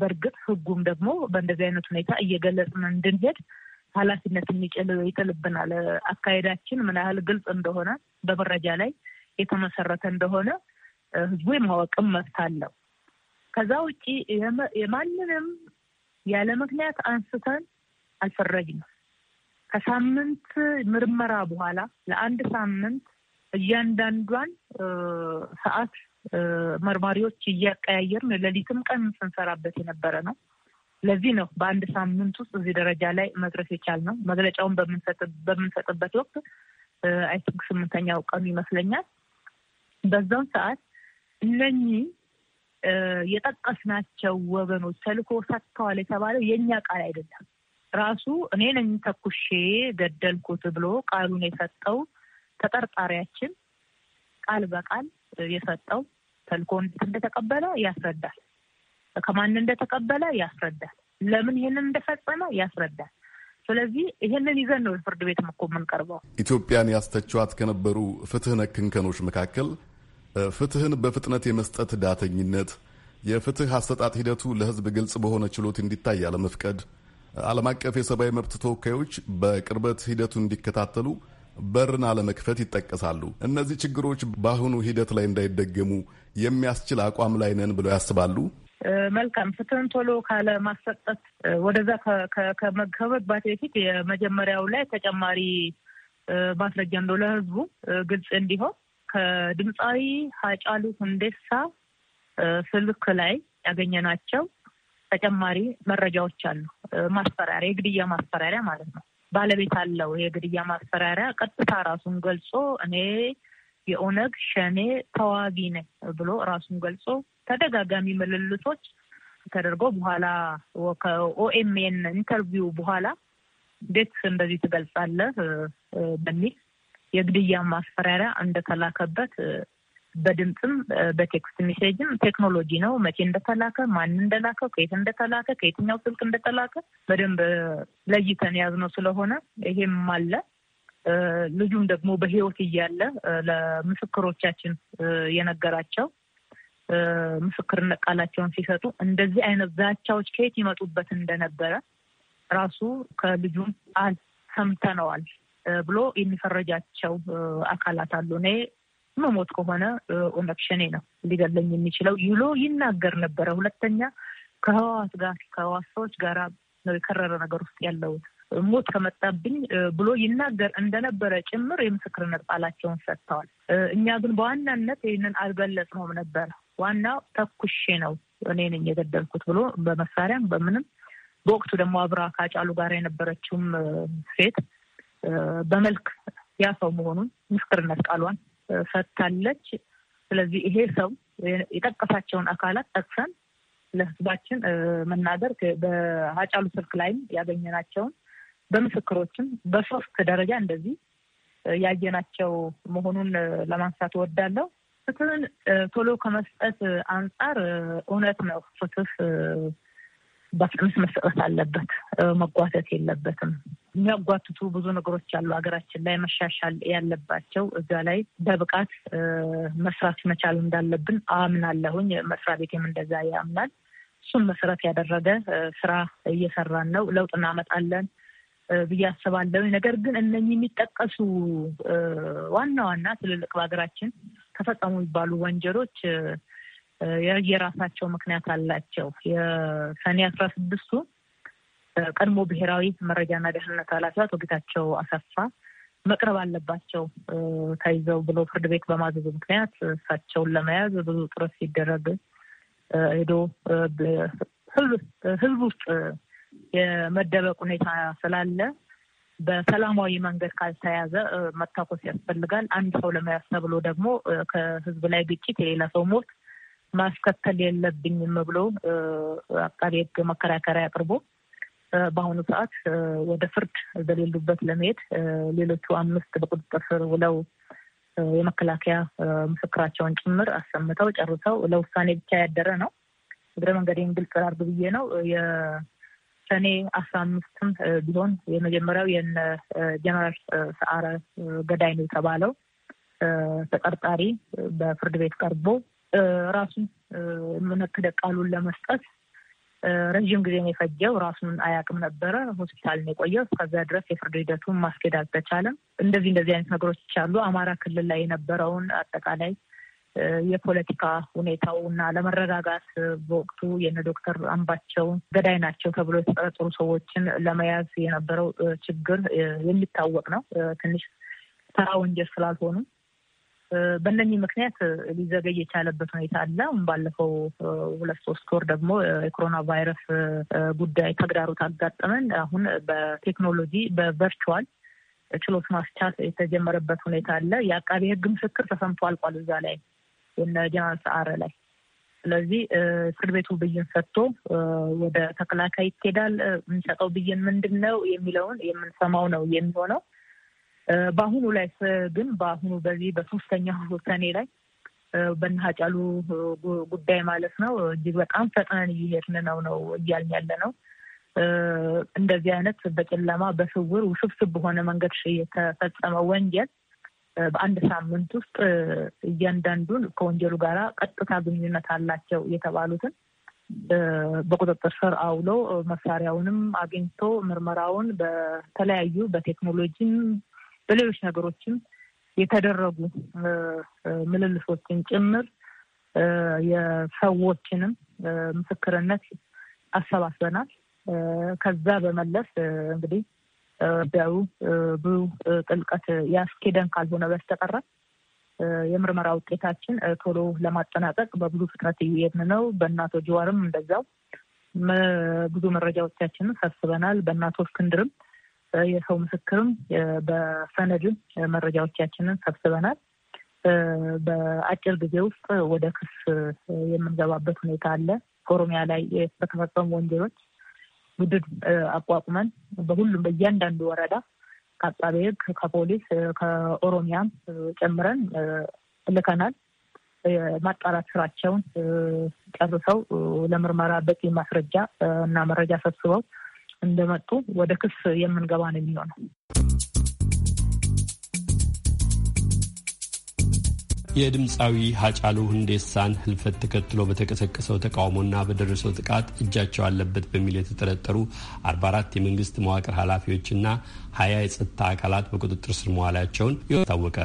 በእርግጥ ህጉም ደግሞ በእንደዚህ አይነት ሁኔታ እየገለጽን እንድንሄድ ኃላፊነት የሚጭል ይጥልብናል። አካሄዳችን ምን ያህል ግልጽ እንደሆነ በመረጃ ላይ የተመሰረተ እንደሆነ ህዝቡ የማወቅም መብት አለው። ከዛ ውጭ የማንንም ያለ ምክንያት አንስተን አልፈረጅንም። ከሳምንት ምርመራ በኋላ ለአንድ ሳምንት እያንዳንዷን ሰዓት መርማሪዎች እያቀያየርን ሌሊትም ቀን ስንሰራበት የነበረ ነው። ለዚህ ነው በአንድ ሳምንት ውስጥ እዚህ ደረጃ ላይ መድረስ የቻልነው። መግለጫውን በምንሰጥበት ወቅት አይ ቲንክ ስምንተኛው ቀኑ ይመስለኛል በዛው ሰዓት እነኚህ የጠቀስናቸው ወገኖች ተልኮ ሰጥተዋል የተባለው የእኛ ቃል አይደለም። ራሱ እኔ ነኝ ተኩሼ ገደልኩት ብሎ ቃሉን የሰጠው ተጠርጣሪያችን ቃል በቃል የሰጠው ተልእኮ እንደተቀበለ ያስረዳል። ከማን እንደተቀበለ ያስረዳል። ለምን ይሄንን እንደፈጸመ ያስረዳል። ስለዚህ ይህንን ይዘን ነው ፍርድ ቤት እኮ የምንቀርበው። ኢትዮጵያን ያስተቸዋት ከነበሩ ፍትህ ነክ እንከኖች መካከል ፍትህን በፍጥነት የመስጠት ዳተኝነት፣ የፍትህ አሰጣጥ ሂደቱ ለህዝብ ግልጽ በሆነ ችሎት እንዲታይ አለመፍቀድ፣ ዓለም አቀፍ የሰብአዊ መብት ተወካዮች በቅርበት ሂደቱ እንዲከታተሉ በርን አለመክፈት ይጠቀሳሉ። እነዚህ ችግሮች በአሁኑ ሂደት ላይ እንዳይደገሙ የሚያስችል አቋም ላይ ነን ብለው ያስባሉ። መልካም ፍትህን ቶሎ ማሰጠት ወደዛ ከመግባት በፊት የመጀመሪያው ላይ ተጨማሪ ማስረጃ እንደው ለህዝቡ ግልጽ እንዲሆን ከድምፃዊ ሀጫሉ ሁንዴሳ ስልክ ላይ ያገኘናቸው ተጨማሪ መረጃዎች አሉ። ማስፈራሪያ፣ የግድያ ማስፈራሪያ ማለት ነው። ባለቤት አለው የግድያ ማስፈራሪያ። ቀጥታ ራሱን ገልጾ እኔ የኦነግ ሸኔ ተዋጊ ነኝ ብሎ ራሱን ገልጾ ተደጋጋሚ ምልልቶች ተደርጎ በኋላ ከኦኤምኤን ኢንተርቪው በኋላ እንዴት እንደዚህ ትገልጻለህ በሚል የግድያ ማስፈራሪያ እንደተላከበት በድምፅም በቴክስት ሜሴጅም ቴክኖሎጂ ነው። መቼ እንደተላከ፣ ማን እንደላከ፣ ከየት እንደተላከ፣ ከየትኛው ስልክ እንደተላከ በደንብ ለይተን ያዝነው ስለሆነ ይሄም አለ። ልጁም ደግሞ በሕይወት እያለ ለምስክሮቻችን የነገራቸው ምስክርነት ቃላቸውን ሲሰጡ እንደዚህ አይነት ዛቻዎች ከየት ይመጡበት እንደነበረ ራሱ ከልጁም ቃል ሰምተነዋል። ብሎ የሚፈረጃቸው አካላት አሉ። እኔ መሞት ከሆነ ኦነግ ሸኔ ነው ሊገለኝ የሚችለው ይሎ ይናገር ነበረ። ሁለተኛ ከህዋት ጋር ከህዋት ሰዎች ጋራ ነው የከረረ ነገር ውስጥ ያለውን ሞት ከመጣብኝ ብሎ ይናገር እንደነበረ ጭምር የምስክርነት ቃላቸውን ሰጥተዋል። እኛ ግን በዋናነት ይህንን አልገለጽነውም ነበረ። ዋና ተኩሼ ነው እኔ ነኝ የገደልኩት ብሎ በመሳሪያም በምንም በወቅቱ ደግሞ አብራ ካጫሉ ጋር የነበረችውም ሴት በመልክ ያ ሰው መሆኑን ምስክርነት ቃሏን ሰጥታለች። ስለዚህ ይሄ ሰው የጠቀሳቸውን አካላት ጠቅሰን ለህዝባችን መናገር በሀጫሉ ስልክ ላይም ያገኘናቸውን በምስክሮችም በሶስት ደረጃ እንደዚህ ያየናቸው መሆኑን ለማንሳት እወዳለሁ። ፍትህን ቶሎ ከመስጠት አንጻር እውነት ነው። ፍትህ በፍጥነት መሰጠት አለበት፣ መጓተት የለበትም። የሚያጓትቱ ብዙ ነገሮች አሉ ሀገራችን ላይ መሻሻል ያለባቸው። እዛ ላይ በብቃት መስራት መቻል እንዳለብን አምናለሁኝ። መስሪያ ቤቴም እንደዛ ያምናል። እሱም መሰረት ያደረገ ስራ እየሰራን ነው። ለውጥ እናመጣለን ብዬ አስባለሁ። ነገር ግን እነኚህ የሚጠቀሱ ዋና ዋና ትልልቅ በሀገራችን ተፈጸሙ የሚባሉ ወንጀሎች የራሳቸው ምክንያት አላቸው። የሰኔ አስራ ስድስቱ ቀድሞ ብሔራዊ መረጃና ደህንነት ኃላፊ አቶ ጌታቸው አሰፋ መቅረብ አለባቸው ተይዘው ብሎ ፍርድ ቤት በማዘዙ ምክንያት እሳቸውን ለመያዝ ብዙ ጥረት ሲደረግ ሄዶ ህዝብ ውስጥ የመደበቅ ሁኔታ ስላለ በሰላማዊ መንገድ ካልተያዘ መታኮስ ያስፈልጋል። አንድ ሰው ለመያዝ ተብሎ ደግሞ ከህዝብ ላይ ግጭት፣ የሌላ ሰው ሞት ማስከተል የለብኝም ብሎ አቃቤ ህግ መከራከሪያ አቅርቦ በአሁኑ ሰዓት ወደ ፍርድ በሌሉበት ለመሄድ ሌሎቹ አምስት በቁጥጥር ስር ውለው የመከላከያ ምስክራቸውን ጭምር አሰምተው ጨርሰው ለውሳኔ ብቻ ያደረ ነው። እግረ መንገዴን ግልጽ ላድርግ ብዬ ነው። የሰኔ አስራ አምስትም ቢሆን የመጀመሪያው የነ ጀነራል ሰዓረ ገዳይ ነው የተባለው ተጠርጣሪ በፍርድ ቤት ቀርቦ ራሱን ደቃሉን ለመስጠት ረዥም ጊዜ ነው የፈጀው። ራሱን አያውቅም ነበረ። ሆስፒታል ነው የቆየው። እስከዚያ ድረስ የፍርድ ሂደቱን ማስኬድ አልተቻለም። እንደዚህ እንደዚህ አይነት ነገሮች አሉ። አማራ ክልል ላይ የነበረውን አጠቃላይ የፖለቲካ ሁኔታው እና ለመረጋጋት በወቅቱ የነ ዶክተር አምባቸው ገዳይ ናቸው ተብሎ የተጠረጠሩ ሰዎችን ለመያዝ የነበረው ችግር የሚታወቅ ነው። ትንሽ ተራ ወንጀል ስላልሆኑ በእነኚህ ምክንያት ሊዘገይ የቻለበት ሁኔታ አለ። ባለፈው ሁለት ሶስት ወር ደግሞ የኮሮና ቫይረስ ጉዳይ ተግዳሮት አጋጠመን። አሁን በቴክኖሎጂ በቨርቹዋል ችሎት ማስቻት የተጀመረበት ሁኔታ አለ። የአቃቢ ሕግ ምስክር ተሰምቶ አልቋል እዛ ላይ የነ ጀነራል ሰዓረ ላይ። ስለዚህ ፍርድ ቤቱ ብይን ሰጥቶ ወደ ተከላካይ ይኬዳል። የሚሰጠው ብይን ምንድን ነው የሚለውን የምንሰማው ነው የሚሆነው። በአሁኑ ላይ ግን በአሁኑ በዚህ በሶስተኛው ሰኔ ላይ በእነ ሀጫሉ ጉዳይ ማለት ነው እጅግ በጣም ፈጥነን እየሄድን ነው ነው እያልን ያለ ነው። እንደዚህ አይነት በጨለማ በስውር ውስብስብ በሆነ መንገድ የተፈጸመ ወንጀል በአንድ ሳምንት ውስጥ እያንዳንዱን ከወንጀሉ ጋራ ቀጥታ ግንኙነት አላቸው የተባሉትን በቁጥጥር ስር አውሎ መሳሪያውንም አግኝቶ ምርመራውን በተለያዩ በቴክኖሎጂም በሌሎች ነገሮችም የተደረጉ ምልልሶችን ጭምር የሰዎችንም ምስክርነት አሰባስበናል። ከዛ በመለስ እንግዲህ ጉዳዩ ብዙ ጥልቀት ያስኬደን ካልሆነ በስተቀረ የምርመራ ውጤታችን ቶሎ ለማጠናቀቅ በብዙ ፍጥነት እየሄድን ነው። በእናቶ ጅዋርም እንደዛው ብዙ መረጃዎቻችንን ሰብስበናል። በእናቶ እስክንድርም የሰው ምስክርም በሰነድም መረጃዎቻችንን ሰብስበናል። በአጭር ጊዜ ውስጥ ወደ ክስ የምንገባበት ሁኔታ አለ። ኦሮሚያ ላይ በተፈጸሙ ወንጀሎች ቡድን አቋቁመን በሁሉም በእያንዳንዱ ወረዳ ከአቃቤ ሕግ ከፖሊስ ከኦሮሚያም ጨምረን ልከናል። የማጣራት ስራቸውን ጨርሰው ለምርመራ በቂ ማስረጃ እና መረጃ ሰብስበው እንደመጡ ወደ ክስ የምንገባ ነው የሚሆነው። የድምፃዊ ሀጫሉ ሁንዴሳን ህልፈት ተከትሎ በተቀሰቀሰው ተቃውሞና በደረሰው ጥቃት እጃቸው አለበት በሚል የተጠረጠሩ 44 የመንግስት መዋቅር ኃላፊዎችና ሀያ የጸጥታ አካላት በቁጥጥር ስር መዋላቸውን ታወቀ።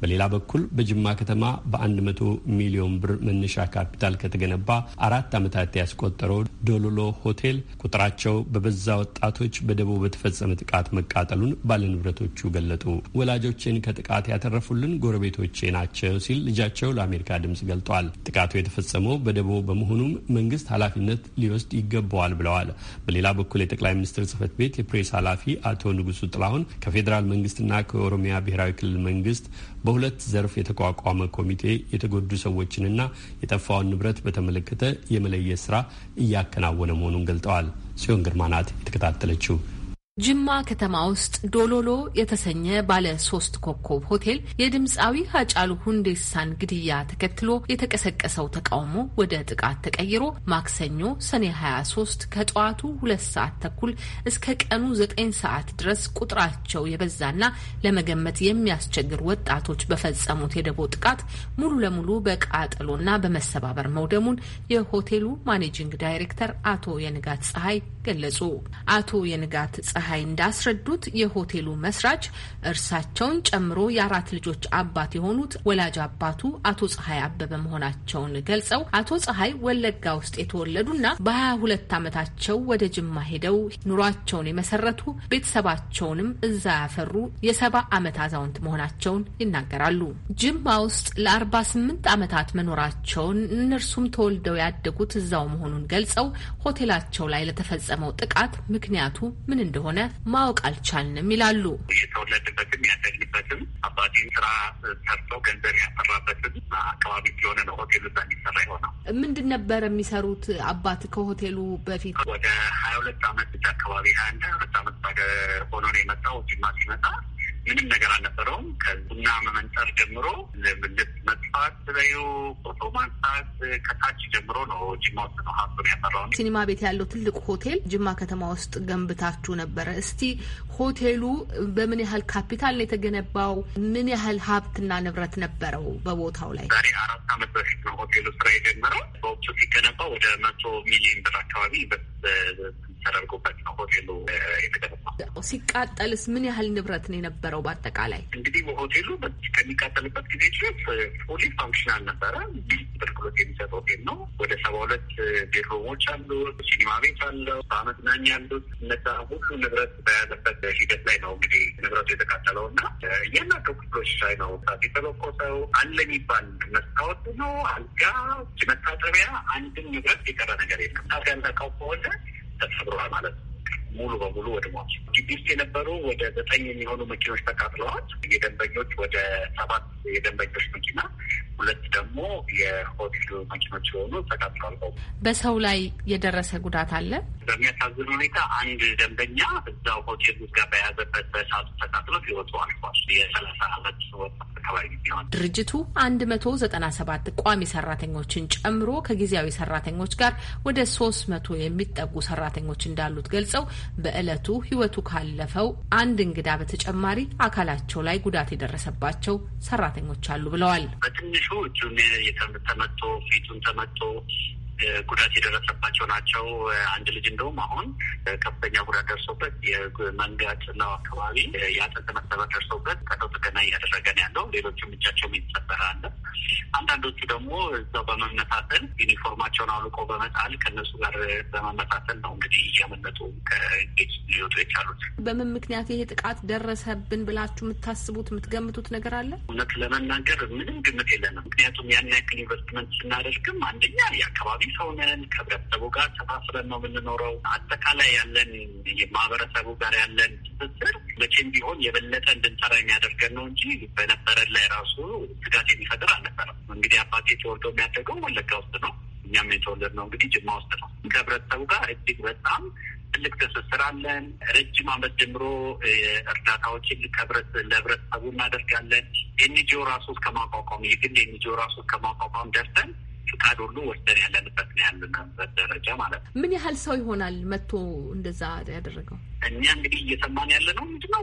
በሌላ በኩል በጅማ ከተማ በ100 ሚሊዮን ብር መነሻ ካፒታል ከተገነባ አራት ዓመታት ያስቆጠረው ዶሎሎ ሆቴል ቁጥራቸው በበዛ ወጣቶች በደቦ በተፈጸመ ጥቃት መቃጠሉን ባለንብረቶቹ ገለጡ። ወላጆችን ከጥቃት ያተረፉልን ጎረቤቶቼ ናቸው ሲል ልጃቸው ለአሜሪካ ድምጽ ገልጧል። ጥቃቱ የተፈጸመው በደቦ በመሆኑም መንግስት ኃላፊነት ሊወስድ ይገባዋል ብለዋል። በሌላ በኩል የጠቅላይ ሚኒስትር ጽህፈት ቤት የፕሬስ ኃላፊ አቶ ንጉሱ ጥላሁን ከፌዴራል መንግስትና ከኦሮሚያ ብሔራዊ ክልል መንግስት በሁለት ዘርፍ የተቋቋመ ኮሚቴ የተጎዱ ሰዎችንና የጠፋውን ንብረት በተመለከተ የመለየት ስራ እያከናወነ መሆኑን ገልጠዋል። ጽዮን ግርማ ናት የተከታተለችው። ጅማ ከተማ ውስጥ ዶሎሎ የተሰኘ ባለ ሶስት ኮከብ ሆቴል የድምፃዊ ሀጫሉ ሁንዴሳን ግድያ ተከትሎ የተቀሰቀሰው ተቃውሞ ወደ ጥቃት ተቀይሮ ማክሰኞ ሰኔ 23 ከጠዋቱ ሁለት ሰዓት ተኩል እስከ ቀኑ ዘጠኝ ሰዓት ድረስ ቁጥራቸው የበዛና ለመገመት የሚያስቸግር ወጣቶች በፈጸሙት የደቦ ጥቃት ሙሉ ለሙሉ በቃጠሎና በመሰባበር መውደሙን የሆቴሉ ማኔጂንግ ዳይሬክተር አቶ የንጋት ፀሐይ ገለጹ። አቶ የንጋት ፀሐይ እንዳስረዱት የሆቴሉ መስራች እርሳቸውን ጨምሮ የአራት ልጆች አባት የሆኑት ወላጅ አባቱ አቶ ፀሐይ አበበ መሆናቸውን ገልጸው አቶ ፀሐይ ወለጋ ውስጥ የተወለዱና በሀያ ሁለት ዓመታቸው ወደ ጅማ ሄደው ኑሯቸውን የመሰረቱ ቤተሰባቸውንም እዛ ያፈሩ የሰባ ዓመት አዛውንት መሆናቸውን ይናገራሉ። ጅማ ውስጥ ለአርባ ስምንት ዓመታት መኖራቸውን እነርሱም ተወልደው ያደጉት እዛው መሆኑን ገልጸው ሆቴላቸው ላይ ለተፈጸመ ለተፈጸመው ጥቃት ምክንያቱ ምን እንደሆነ ማወቅ አልቻልንም ይላሉ። የተወለድበትም ያደግበትም አባቴን ስራ ሰርቶ ገንዘብ ያሰራበትም አካባቢ ሲሆነ ነው ሆቴሉ እዛ የሚሰራ ይሆናል። ምንድን ነበር የሚሰሩት አባት ከሆቴሉ በፊት? ወደ ሀያ ሁለት አመት አካባቢ ሀያ አንድ ሁለት አመት ሆኖ ነው የመጣው ጅማ ሲመጣ ምንም ነገር አልነበረውም። ከቡና መመንጠር ጀምሮ ልብልብ መጥፋት በዩ ፎቶ ማንሳት ከታች ጀምሮ ነው ጅማ ውስጥ ነው ሀብቱን ያፈራው። ሲኒማ ቤት ያለው ትልቅ ሆቴል ጅማ ከተማ ውስጥ ገንብታችሁ ነበረ። እስቲ ሆቴሉ በምን ያህል ካፒታል ነው የተገነባው? ምን ያህል ሀብትና ንብረት ነበረው በቦታው ላይ? ዛሬ አራት አመት በፊት ነው ሆቴሉ ስራ የጀመረው። በወቅቱ ሲገነባ ወደ መቶ ሚሊዮን ብር አካባቢ ተደርጎበት ነው ሆቴሉ የተገነባው። ሲቃጠልስ ምን ያህል ንብረት ነው የነበረው? በአጠቃላይ እንግዲህ በሆቴሉ ከሚቃጠልበት ጊዜ ድረስ ፉሊ ፋንክሽናል ነበረ። አገልግሎት የሚሰጥ ሆቴል ነው። ወደ ሰባ ሁለት ቤድሮሞች አሉ፣ ሲኒማ ቤት አለው፣ መዝናኛ ያሉት እነዛ ሁሉ ንብረት በያዘበት ሂደት ላይ ነው እንግዲህ ንብረቱ የተቃጠለው እና እያንዳንዱ ክፍሎች ላይ ነው እሳት የተለኮሰው። አለ የሚባል መስታወት ነው፣ አልጋ፣ መታጠቢያ፣ አንድም ንብረት የቀረ ነገር የለም። ሳት ያለቀው ከሆነ ተሰብረዋል ማለት ነው። ሙሉ በሙሉ ወድሟል። ግቢ ውስጥ የነበሩ ወደ ዘጠኝ የሚሆኑ መኪኖች ተቃጥለዋል። የደንበኞች ወደ ሰባት የደንበኞች መኪና ሁለት ደግሞ የሆቴል መኪኖች የሆኑ ተቃጥለዋል። በሰው ላይ የደረሰ ጉዳት አለ። በሚያሳዝን ሁኔታ አንድ ደንበኛ እዛው ሆቴል ውስጥ ጋር በያዘበት በእሳቱ ተቃጥሎ ህይወቱ አልፏል። የሰላሳ አመት ወጣት አካባቢ ቢሆን ድርጅቱ አንድ መቶ ዘጠና ሰባት ቋሚ ሰራተኞችን ጨምሮ ከጊዜያዊ ሰራተኞች ጋር ወደ ሶስት መቶ የሚጠጉ ሰራተኞች እንዳሉት ገልጸው በእለቱ ህይወቱ ካለፈው አንድ እንግዳ በተጨማሪ አካላቸው ላይ ጉዳት የደረሰባቸው ሰራተኞች አሉ ብለዋል። በትንሹ እጁን የተመቶ ፊቱን ተመቶ ጉዳት የደረሰባቸው ናቸው። አንድ ልጅ እንደውም አሁን ከፍተኛ ጉዳት ደርሶበት የመንገድ ነው አካባቢ የአጥንት መሰበር ደርሶበት ቀዶ ጥገና እያደረገ ነው ያለው። ሌሎችም እጃቸውም የተሰበረ አለ። አንዳንዶቹ ደግሞ እዛው በመመታተል ዩኒፎርማቸውን አውልቆ በመጣል ከእነሱ ጋር በመመታተል ነው እንግዲህ እያመለጡ ከጌጅ ሊወጡ የቻሉት። በምን ምክንያት ይሄ ጥቃት ደረሰብን ብላችሁ የምታስቡት የምትገምቱት ነገር አለ? እውነት ለመናገር ምንም ግምት የለንም። ምክንያቱም ያን ያክል ኢንቨስትመንት ስናደርግም አንደኛ የአካባቢ ሰው ነን፣ ከህብረተሰቡ ጋር ተሳስረን ነው የምንኖረው። አጠቃላይ ያለን የማህበረሰቡ ጋር ያለን ትስስር መቼም ቢሆን የበለጠ እንድንሰራ የሚያደርገን ነው እንጂ በነበረን ላይ ራሱ ስጋት የሚፈጥር አልነበረም። እንግዲህ አባቴ ተወልዶ የሚያደገው ወለጋ ውስጥ ነው። እኛም የተወለድ ነው እንግዲህ ጅማ ውስጥ ነው። ከህብረተሰቡ ጋር እጅግ በጣም ትልቅ ትስስር አለን። ረጅም አመት ጀምሮ እርዳታዎችን ከህብረት ለህብረተሰቡ እናደርጋለን። ኤንጂኦ ራሱ እስከማቋቋም የግል ኤንጂኦ ራሱ እስከማቋቋም ደርሰን ሁሉ ወስደን ያለንበት ነው ያለንበት ደረጃ ማለት ነው። ምን ያህል ሰው ይሆናል መጥቶ እንደዛ ያደረገው? እኛ እንግዲህ እየሰማን ያለ ነው ምንድን ነው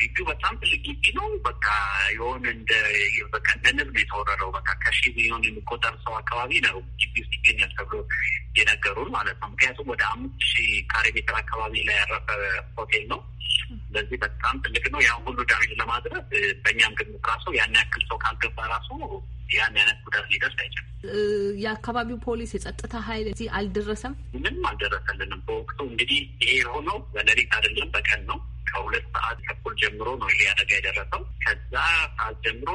ግቢው በጣም ትልቅ ግቢ ነው። በቃ የሆነ እንደ በቃ እንደ ንብ ነው የተወረረው። በቃ ከሺ ሚሊዮን የሚቆጠር ሰው አካባቢ ነው ግቢ ውስጥ ይገኛል ተብሎ የነገሩን ማለት ነው። ምክንያቱም ወደ አምስት ሺህ ካሬ ሜትር አካባቢ ላይ ያረፈ ሆቴል ነው። ስለዚህ በጣም ትልቅ ነው። ያን ሁሉ ዳሜጅ ለማድረስ በእኛም ግምት ራሱ ያን ያክል ሰው ካልገባ ራሱ ያን አይነት ጉዳት ሊደርስ አይችልም። የአካባቢው ፖሊስ፣ የጸጥታ ኃይል እዚህ አልደረሰም፣ ምንም አልደረሰልንም። በወቅቱ እንግዲህ ይሄ የሆነው በሌሊት አይደለም፣ በቀን ነው። ከሁለት ሰዓት ተኩል ጀምሮ ነው ይሄ አደጋ የደረሰው። ከዛ ሰዓት ጀምሮ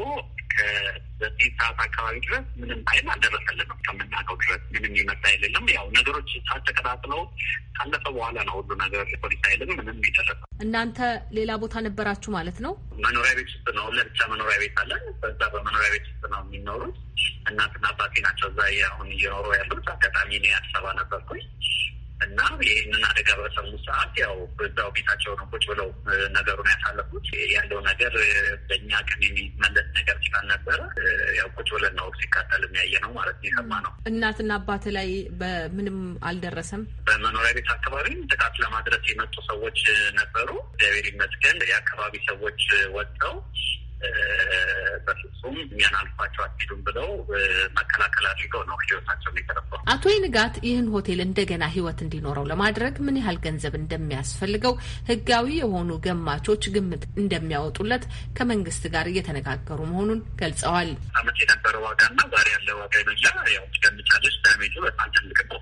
ከዘጠኝ ሰዓት አካባቢ ድረስ ምንም ኃይል አልደረሰልንም። ከምናውቀው ድረስ ምንም ይመጣ አይልም። ያው ነገሮች ሰዓት ተቀጣጥለው ካለፈ በኋላ ነው ሁሉ ነገር ፖሊስ ኃይልም ምንም የደረሰው። እናንተ ሌላ ቦታ ነበራችሁ ማለት ነው? መኖሪያ ቤት ውስጥ ነው። ለብቻ መኖሪያ ቤት አለን። በዛ በመኖሪያ ቤት ውስጥ ነው የሚኖሩት። እናትና አባቴ ናቸው እዛ አሁን እየኖሩ ያሉት። አጋጣሚ እኔ አዲስ አበባ ነበርኩኝ። እና ይህንን አደጋ በሰሙ ሰዓት ያው በዛው ቤታቸው ነው ቁጭ ብለው ነገሩን ያሳለፉት። ያለው ነገር በእኛ ቀን የሚመለስ ነገር ስላልነበረ ያው ቁጭ ብለን ነው ሲካተል የሚያየ ነው ማለት ነው የሰማነው። እናትና አባት ላይ በምንም አልደረሰም። በመኖሪያ ቤት አካባቢ ጥቃት ለማድረስ የመጡ ሰዎች ነበሩ። እግዚአብሔር ይመስገን የአካባቢ ሰዎች ወጥተው በፍጹም እኛን አልፏቸው አትሄዱም ብለው መከላከል አድርገው ነው ህይወታቸው የሚተረፈው። አቶ ይንጋት ይህን ሆቴል እንደገና ህይወት እንዲኖረው ለማድረግ ምን ያህል ገንዘብ እንደሚያስፈልገው ህጋዊ የሆኑ ገማቾች ግምት እንደሚያወጡለት ከመንግስት ጋር እየተነጋገሩ መሆኑን ገልጸዋል። አመት የነበረው ዋጋና ዛሬ ያለ ዋጋ ይመላ ያው ትገምቻለች። ዳሜጁ በጣም ትልቅ ነው።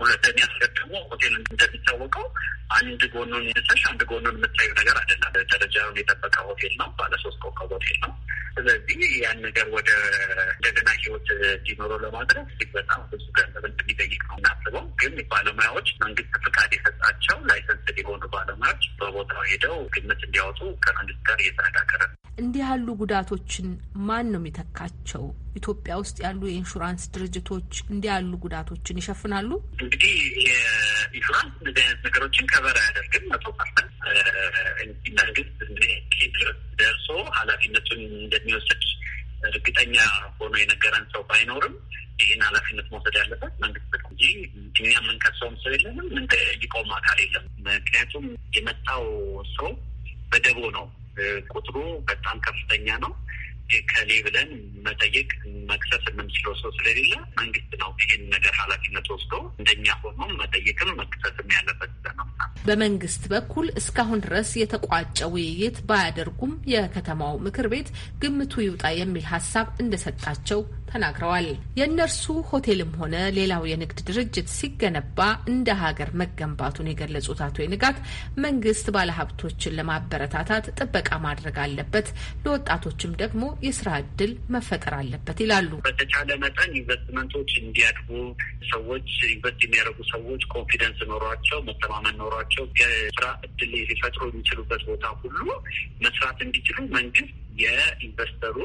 ሁለተኛ ስር ደግሞ ሆቴል እንደሚታወቀው አንድ ጎኑን ንሰሽ አንድ ጎኑን የምታዩ ነገር አይደለም። ደረጃውን የጠበቀ ሆቴል ነው። ባለሶስት ኮከቦ ሆቴል ነው። ስለዚህ ያን ነገር ወደ እንደገና ህይወት እንዲኖረው ለማድረግ እጅግ በጣም ብዙ ገንዘብ እንደሚጠይቅ ነው እናስበው። ግን ባለሙያዎች መንግስት ፍቃድ የሰጣቸው ላይሰንስ የሆኑ ባለሙያዎች በቦታው ሄደው ግምት እንዲያወጡ ከመንግስት ጋር እየተነጋገረ ነው። እንዲህ ያሉ ጉዳቶችን ማን ነው የሚተካቸው? ኢትዮጵያ ውስጥ ያሉ የኢንሹራንስ ድርጅቶች እንዲህ ያሉ ጉዳቶችን ይሸፍናሉ? እንግዲህ ኢንሹራንስ እንደዚህ አይነት ነገሮችን ከበር አያደርግም። መቶ ፐርሰንት መንግስት ኬድ ደርሶ ኃላፊነቱን እንደሚወስድ እርግጠኛ ሆኖ የነገረን ሰው ባይኖርም ይህን ኃላፊነት መውሰድ ያለበት መንግስት እንጂ እኛ የምንከሰውም ሰው የለንም፣ የምንጠይቀውም አካል የለም። ምክንያቱም የመጣው ሰው በደቦ ነው፣ ቁጥሩ በጣም ከፍተኛ ነው። ከሌ ብለን መጠየቅ መክሰስ የምንችለው ሰው ስለሌለ መንግስት ነው ይህን ነገር ኃላፊነት ወስዶ እንደኛ ሆኖ መጠየቅም መክሰስም ያለበት ነው። በመንግስት በኩል እስካሁን ድረስ የተቋጨ ውይይት ባያደርጉም የከተማው ምክር ቤት ግምቱ ይውጣ የሚል ሀሳብ እንደሰጣቸው ተናግረዋል። የእነርሱ ሆቴልም ሆነ ሌላው የንግድ ድርጅት ሲገነባ እንደ ሀገር መገንባቱን የገለጹት አቶ ንጋት መንግስት ባለሀብቶችን ለማበረታታት ጥበቃ ማድረግ አለበት፣ ለወጣቶችም ደግሞ የስራ እድል መፈጠር አለበት ይላሉ። በተቻለ መጠን ኢንቨስትመንቶች እንዲያድጉ ሰዎች ኢንቨስት የሚያደርጉ ሰዎች ኮንፊደንስ ኖሯቸው መተማመን ኖሯቸው ስራ እድል ሊፈጥሩ የሚችሉበት ቦታ ሁሉ መስራት እንዲችሉ መንግስት የኢንቨስተሩ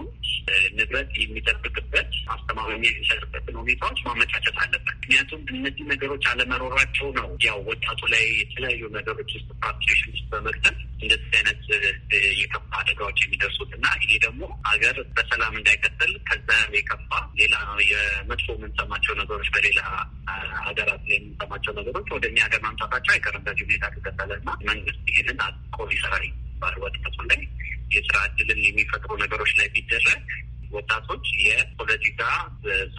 ንብረት የሚጠብቅበት ማስተማመኛ የሚሰጥበትን ሁኔታዎች ማመቻቸት አለበት። ምክንያቱም እነዚህ ነገሮች አለመኖራቸው ነው ያው ወጣቱ ላይ የተለያዩ ነገሮች ውስጥ ፓርቲሽን ውስጥ በመግጠም እንደዚህ አይነት የከፋ አደጋዎች የሚደርሱት እና ይሄ ደግሞ ሀገር በሰላም እንዳይቀጥል ከዛ የከፋ ሌላ የመጥፎ የምንሰማቸው ነገሮች በሌላ ሀገራት ላይ የምንሰማቸው ነገሮች ወደ እኛ ሀገር ማምጣታቸው አይቀርም። በዚህ ሁኔታ ከቀጠለ እና መንግስት ይህንን አቆ ይሰራ ይባል ወጣቱ ላይ የስራ እድልን የሚፈጥሩ ነገሮች ላይ ቢደረግ ወጣቶች የፖለቲካ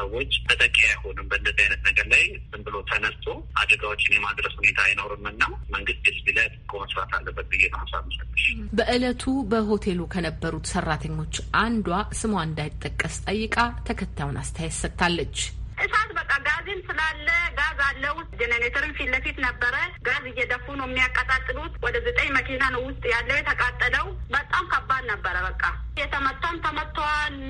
ሰዎች ተጠቂ አይሆንም። በእንደዚህ አይነት ነገር ላይ ዝም ብሎ ተነስቶ አደጋዎችን የማድረስ ሁኔታ አይኖርም እና መንግስት ህዝብ ላይ መስራት አለበት ብዬ ነው ሀሳብ ምሰለሽ። በእለቱ በሆቴሉ ከነበሩት ሰራተኞች አንዷ ስሟ እንዳይጠቀስ ጠይቃ ተከታዩን አስተያየት ሰጥታለች። እሳት በቃ ጋዝም ስላለ ጋዝ አለው። ጀኔሬተርን ፊት ለፊት ነበረ። ጋዝ እየደፉ ነው የሚያቀጣጥሉት። ወደ ዘጠኝ መኪና ነው ውስጥ ያለው የተቃጠለው። በጣም ከባድ ነበረ። በቃ የተመታም ተመቷል፣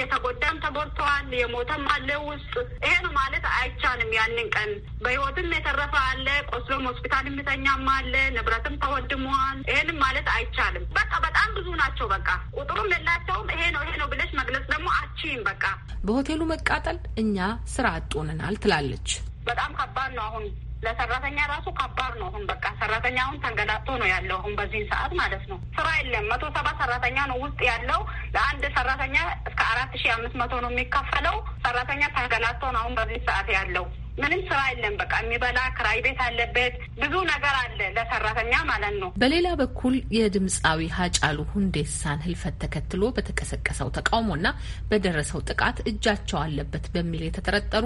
የተጎዳም ተጎድተዋል፣ የሞተም አለ ውስጥ። ይሄ ነው ማለት አይቻልም። ያንን ቀን በህይወትም የተረፈ አለ፣ ቆስሎም ሆስፒታል የሚተኛም አለ፣ ንብረትም ተወድሟል። ይሄንም ማለት አይቻልም። በቃ በጣም ብዙ ናቸው። በቃ ቁጥሩም የላቸውም። ይሄ ነው ይሄ ነው ብለሽ መግለጽ ደግሞ አችም በቃ በሆቴሉ መቃጠል እኛ ስራ አጡንናል ትላለች። በጣም ከባድ ነው አሁን ለሰራተኛ ራሱ ከባድ ነው። አሁን በቃ ሰራተኛ አሁን ተንገላቶ ነው ያለው አሁን በዚህ ሰዓት ማለት ነው። ስራ የለም። መቶ ሰባ ሰራተኛ ነው ውስጥ ያለው። ለአንድ ሰራተኛ እስከ አራት ሺ አምስት መቶ ነው የሚከፈለው። ሰራተኛ ተንገላቶ ነው አሁን በዚህ ሰዓት ያለው። ምንም ስራ የለም። በቃ የሚበላ ክራይ ቤት አለበት፣ ብዙ ነገር አለ ለሰራተኛ ማለት ነው። በሌላ በኩል የድምፃዊ ሀጫሉ ሁንዴሳን ህልፈት ተከትሎ በተቀሰቀሰው ተቃውሞና በደረሰው ጥቃት እጃቸው አለበት በሚል የተጠረጠሩ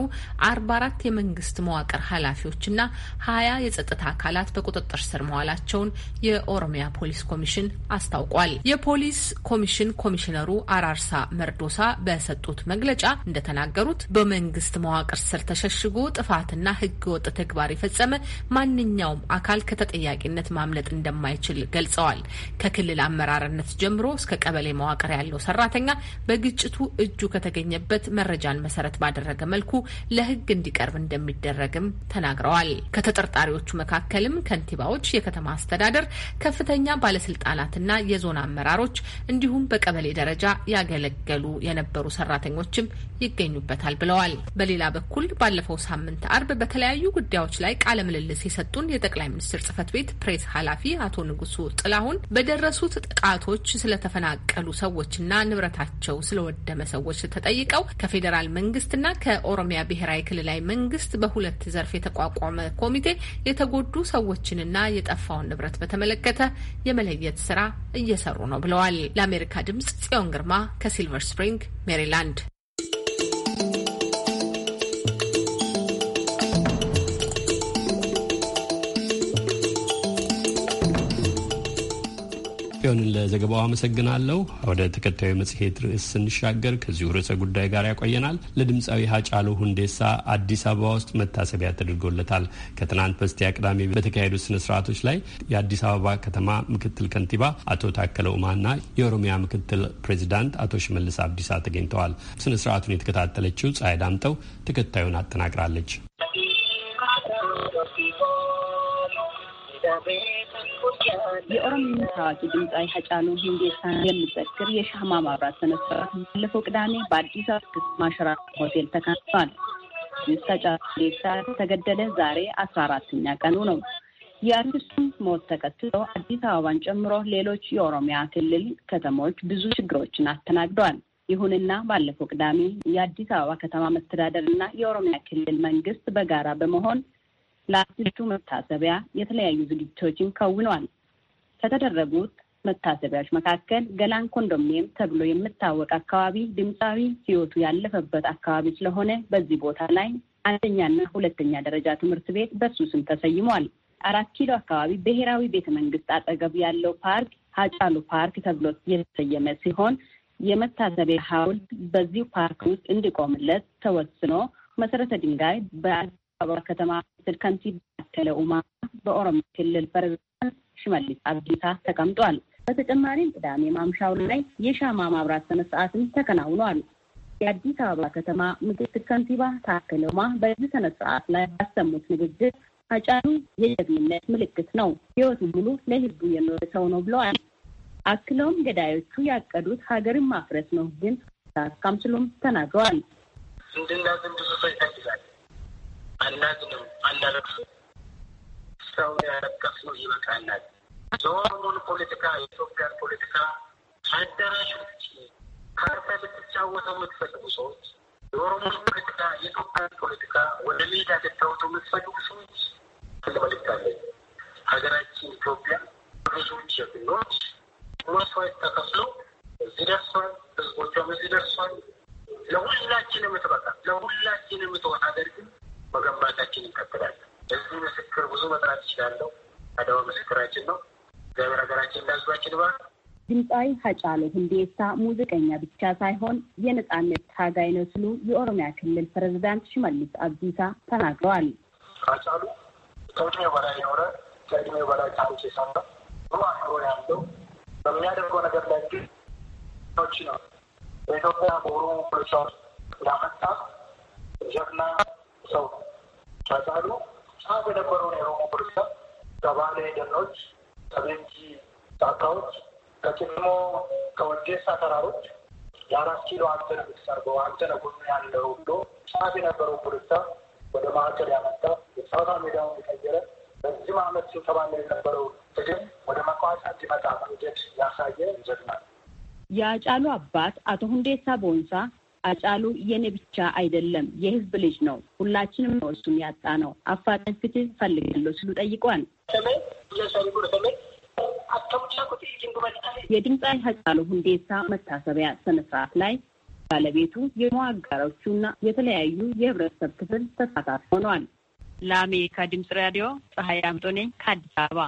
አርባ አራት የመንግስት መዋቅር ኃላፊዎችና ሀያ የጸጥታ አካላት በቁጥጥር ስር መዋላቸውን የኦሮሚያ ፖሊስ ኮሚሽን አስታውቋል። የፖሊስ ኮሚሽን ኮሚሽነሩ አራርሳ መርዶሳ በሰጡት መግለጫ እንደተናገሩት በመንግስት መዋቅር ስር ተሸሽጎ ጥፋትና ወጥ ተግባር የፈጸመ ማንኛውም አካል ከተጠያቂነት ማምለጥ እንደማይችል ገልጸዋል። ከክልል አመራርነት ጀምሮ እስከ ቀበሌ መዋቅር ያለው ሰራተኛ በግጭቱ እጁ ከተገኘበት መረጃን መሰረት ባደረገ መልኩ ለህግ እንዲቀርብ እንደሚደረግም ተናግረዋል። ከተጠርጣሪዎቹ መካከልም ከንቲባዎች፣ የከተማ አስተዳደር ከፍተኛ ባለስልጣናትና የዞን አመራሮች እንዲሁም በቀበሌ ደረጃ ያገለገሉ የነበሩ ሰራተኞችም ይገኙበታል ብለዋል። በሌላ በኩል ባለፈው ሳምንት ሳምንት አርብ በተለያዩ ጉዳዮች ላይ ቃለ ምልልስ የሰጡን የጠቅላይ ሚኒስትር ጽህፈት ቤት ፕሬስ ኃላፊ አቶ ንጉሱ ጥላሁን በደረሱት ጥቃቶች ስለተፈናቀሉ ሰዎችና ንብረታቸው ስለወደመ ሰዎች ተጠይቀው ከፌዴራል መንግስትና ከኦሮሚያ ብሔራዊ ክልላዊ መንግስት በሁለት ዘርፍ የተቋቋመ ኮሚቴ የተጎዱ ሰዎችንና የጠፋውን ንብረት በተመለከተ የመለየት ስራ እየሰሩ ነው ብለዋል። ለአሜሪካ ድምጽ ጽዮን ግርማ ከሲልቨር ስፕሪንግ ሜሪላንድ። ጽዮንን ለዘገባው አመሰግናለሁ። ወደ ተከታዩ መጽሔት ርዕስ ስንሻገር ከዚሁ ርዕሰ ጉዳይ ጋር ያቆየናል። ለድምፃዊ ሀጫሉ ሁንዴሳ አዲስ አበባ ውስጥ መታሰቢያ ተደርጎለታል። ከትናንት በስቲያ ቅዳሜ በተካሄዱ ስነ ስርዓቶች ላይ የአዲስ አበባ ከተማ ምክትል ከንቲባ አቶ ታከለ ኡማና የኦሮሚያ ምክትል ፕሬዚዳንት አቶ ሽመልስ አብዲሳ ተገኝተዋል። ስነ ስርዓቱን የተከታተለችው ፀሐይ ዳምጠው ተከታዩን አጠናቅራለች። የኦሮሚያ ታዋቂ ድምፃዊ ሀጫሉ ሁንዴሳ የሚዘክር የሻማ ማብራት ስነ ባለፈው ቅዳሜ በአዲስ አበባ ማሸራተን ሆቴል ተካፍቷል። ሚስ ሀጫሉ ሁንዴሳ ዛሬ አስራ አራተኛ ቀኑ ነው። የአርቲስቱን ሞት ተከትሎ አዲስ አበባን ጨምሮ ሌሎች የኦሮሚያ ክልል ከተሞች ብዙ ችግሮችን አስተናግደዋል። ይሁንና ባለፈው ቅዳሜ የአዲስ አበባ ከተማ መስተዳደር እና የኦሮሚያ ክልል መንግስት በጋራ በመሆን ለአትሌቱ መታሰቢያ የተለያዩ ዝግጅቶችን ከውነዋል። ከተደረጉት መታሰቢያዎች መካከል ገላን ኮንዶሚኒየም ተብሎ የምታወቅ አካባቢ ድምፃዊ ሕይወቱ ያለፈበት አካባቢ ስለሆነ በዚህ ቦታ ላይ አንደኛና ሁለተኛ ደረጃ ትምህርት ቤት በሱ ስም ተሰይሟል። አራት ኪሎ አካባቢ ብሔራዊ ቤተ መንግስት አጠገብ ያለው ፓርክ ሀጫሉ ፓርክ ተብሎ የተሰየመ ሲሆን የመታሰቢያ ሐውልት በዚሁ ፓርክ ውስጥ እንዲቆምለት ተወስኖ መሰረተ ድንጋይ በአዲስ አበባ ከተማ ምክትል ከንቲባ ታደለ ኡማ፣ በኦሮሞ ክልል ፕሬዝዳንት ሽመልስ አብዲሳ ተቀምጧል። በተጨማሪም ቅዳሜ ማምሻው ላይ የሻማ ማብራት ስነስርዓትም ተከናውኗል። የአዲስ አበባ ከተማ ምክትል ከንቲባ ታከለ ኡማ በዚህ ስነስርዓት ላይ ባሰሙት ንግግር አጫሉ የጀግንነት ምልክት ነው፣ ህይወቱ ሙሉ ለህዝቡ የኖረ ሰው ነው ብለዋል። አክለውም ገዳዮቹ ያቀዱት ሀገርን ማፍረስ ነው፣ ግን ታካም ስሉም ተናግረዋል። አናዝንም አናለቅስም። ሰው ያለቀስነው ይበቃናል። ዞኑን ፖለቲካ የኢትዮጵያን ፖለቲካ አዳራሽ ውጭ ካርታ የምትጫወተው የምትፈልጉ ሰዎች የኦሮሞን ፖለቲካ የኢትዮጵያን ፖለቲካ ወደ ሜዳ ልታወጡ የምትፈልጉ ሰዎች ትልመልታለን። ሀገራችን ኢትዮጵያ ብዙ ጀግኖች መስዋዕት ተከፍሎ እዚህ ደርሷል። ህዝቦቿም እዚህ ደርሷል። ለሁላችን የምትበቃ ለሁላችን የምትሆን ሀገር ግን መገንባታችን ይቀጥላል። እዚህ ምስክር ብዙ መጥራት ይችላለሁ። አድዋ ምስክራችን ነው። እግዚአብሔር ሀገራችን ለህዝባችን ባ ድምፃዊ ሀጫሉ ሁንዴሳ ሙዚቀኛ ብቻ ሳይሆን የነጻነት ታጋይ ነው ሲሉ የኦሮሚያ ክልል ፕሬዚዳንት ሽመልስ አብዲሳ ተናግረዋል። ሀጫሉ ከእድሜው በላይ የሆነ ከእድሜው በላይ ታሪክ የሰራ ጥሩ አእምሮ ያለው በሚያደርገው ነገር ላይ ግን ዎች ነው በኢትዮጵያ በኦሮሞ ፖለቲካ ውስጥ ላመጣ ጀግና ሰው ነው። መሳሉ ጫፍ የነበረውን የኦሮሞ ብርሰብ ከባሌ ደኖች፣ ከቤንጂ ጫካዎች፣ ከቂሞ ከወዴሳ ተራሮች የአራት ኪሎ አንተነ ብትሰርበው አንተነህ ጎኑ ያለው ብሎ ጫፍ የነበረው ብርሰብ ወደ ማዕከል ያመጣ የጨዋታ ሜዳውን የቀየረ በዚህም ዓመት ሲተባለ የነበረው ትግል ወደ መቋጫ እንዲመጣ መንገድ ያሳየ ጀግና የአጫሉ አባት አቶ ሁንዴሳ ቦንሳ አጫሉ የኔ ብቻ አይደለም፣ የህዝብ ልጅ ነው። ሁላችንም ነው እሱን ያጣ ነው። አፋጣኝ ፍትህ ፈልጋለሁ ሲሉ ጠይቋል። የድምፃዊ ሀጫሉ ሁንዴሳ መታሰቢያ ስነስርዓት ላይ ባለቤቱ የሙያ እና የተለያዩ የህብረተሰብ ክፍል ተሳታፊ ሆኗል። ለአሜሪካ ድምፅ ራዲዮ ፀሐይ አምጦ ነኝ ከአዲስ አበባ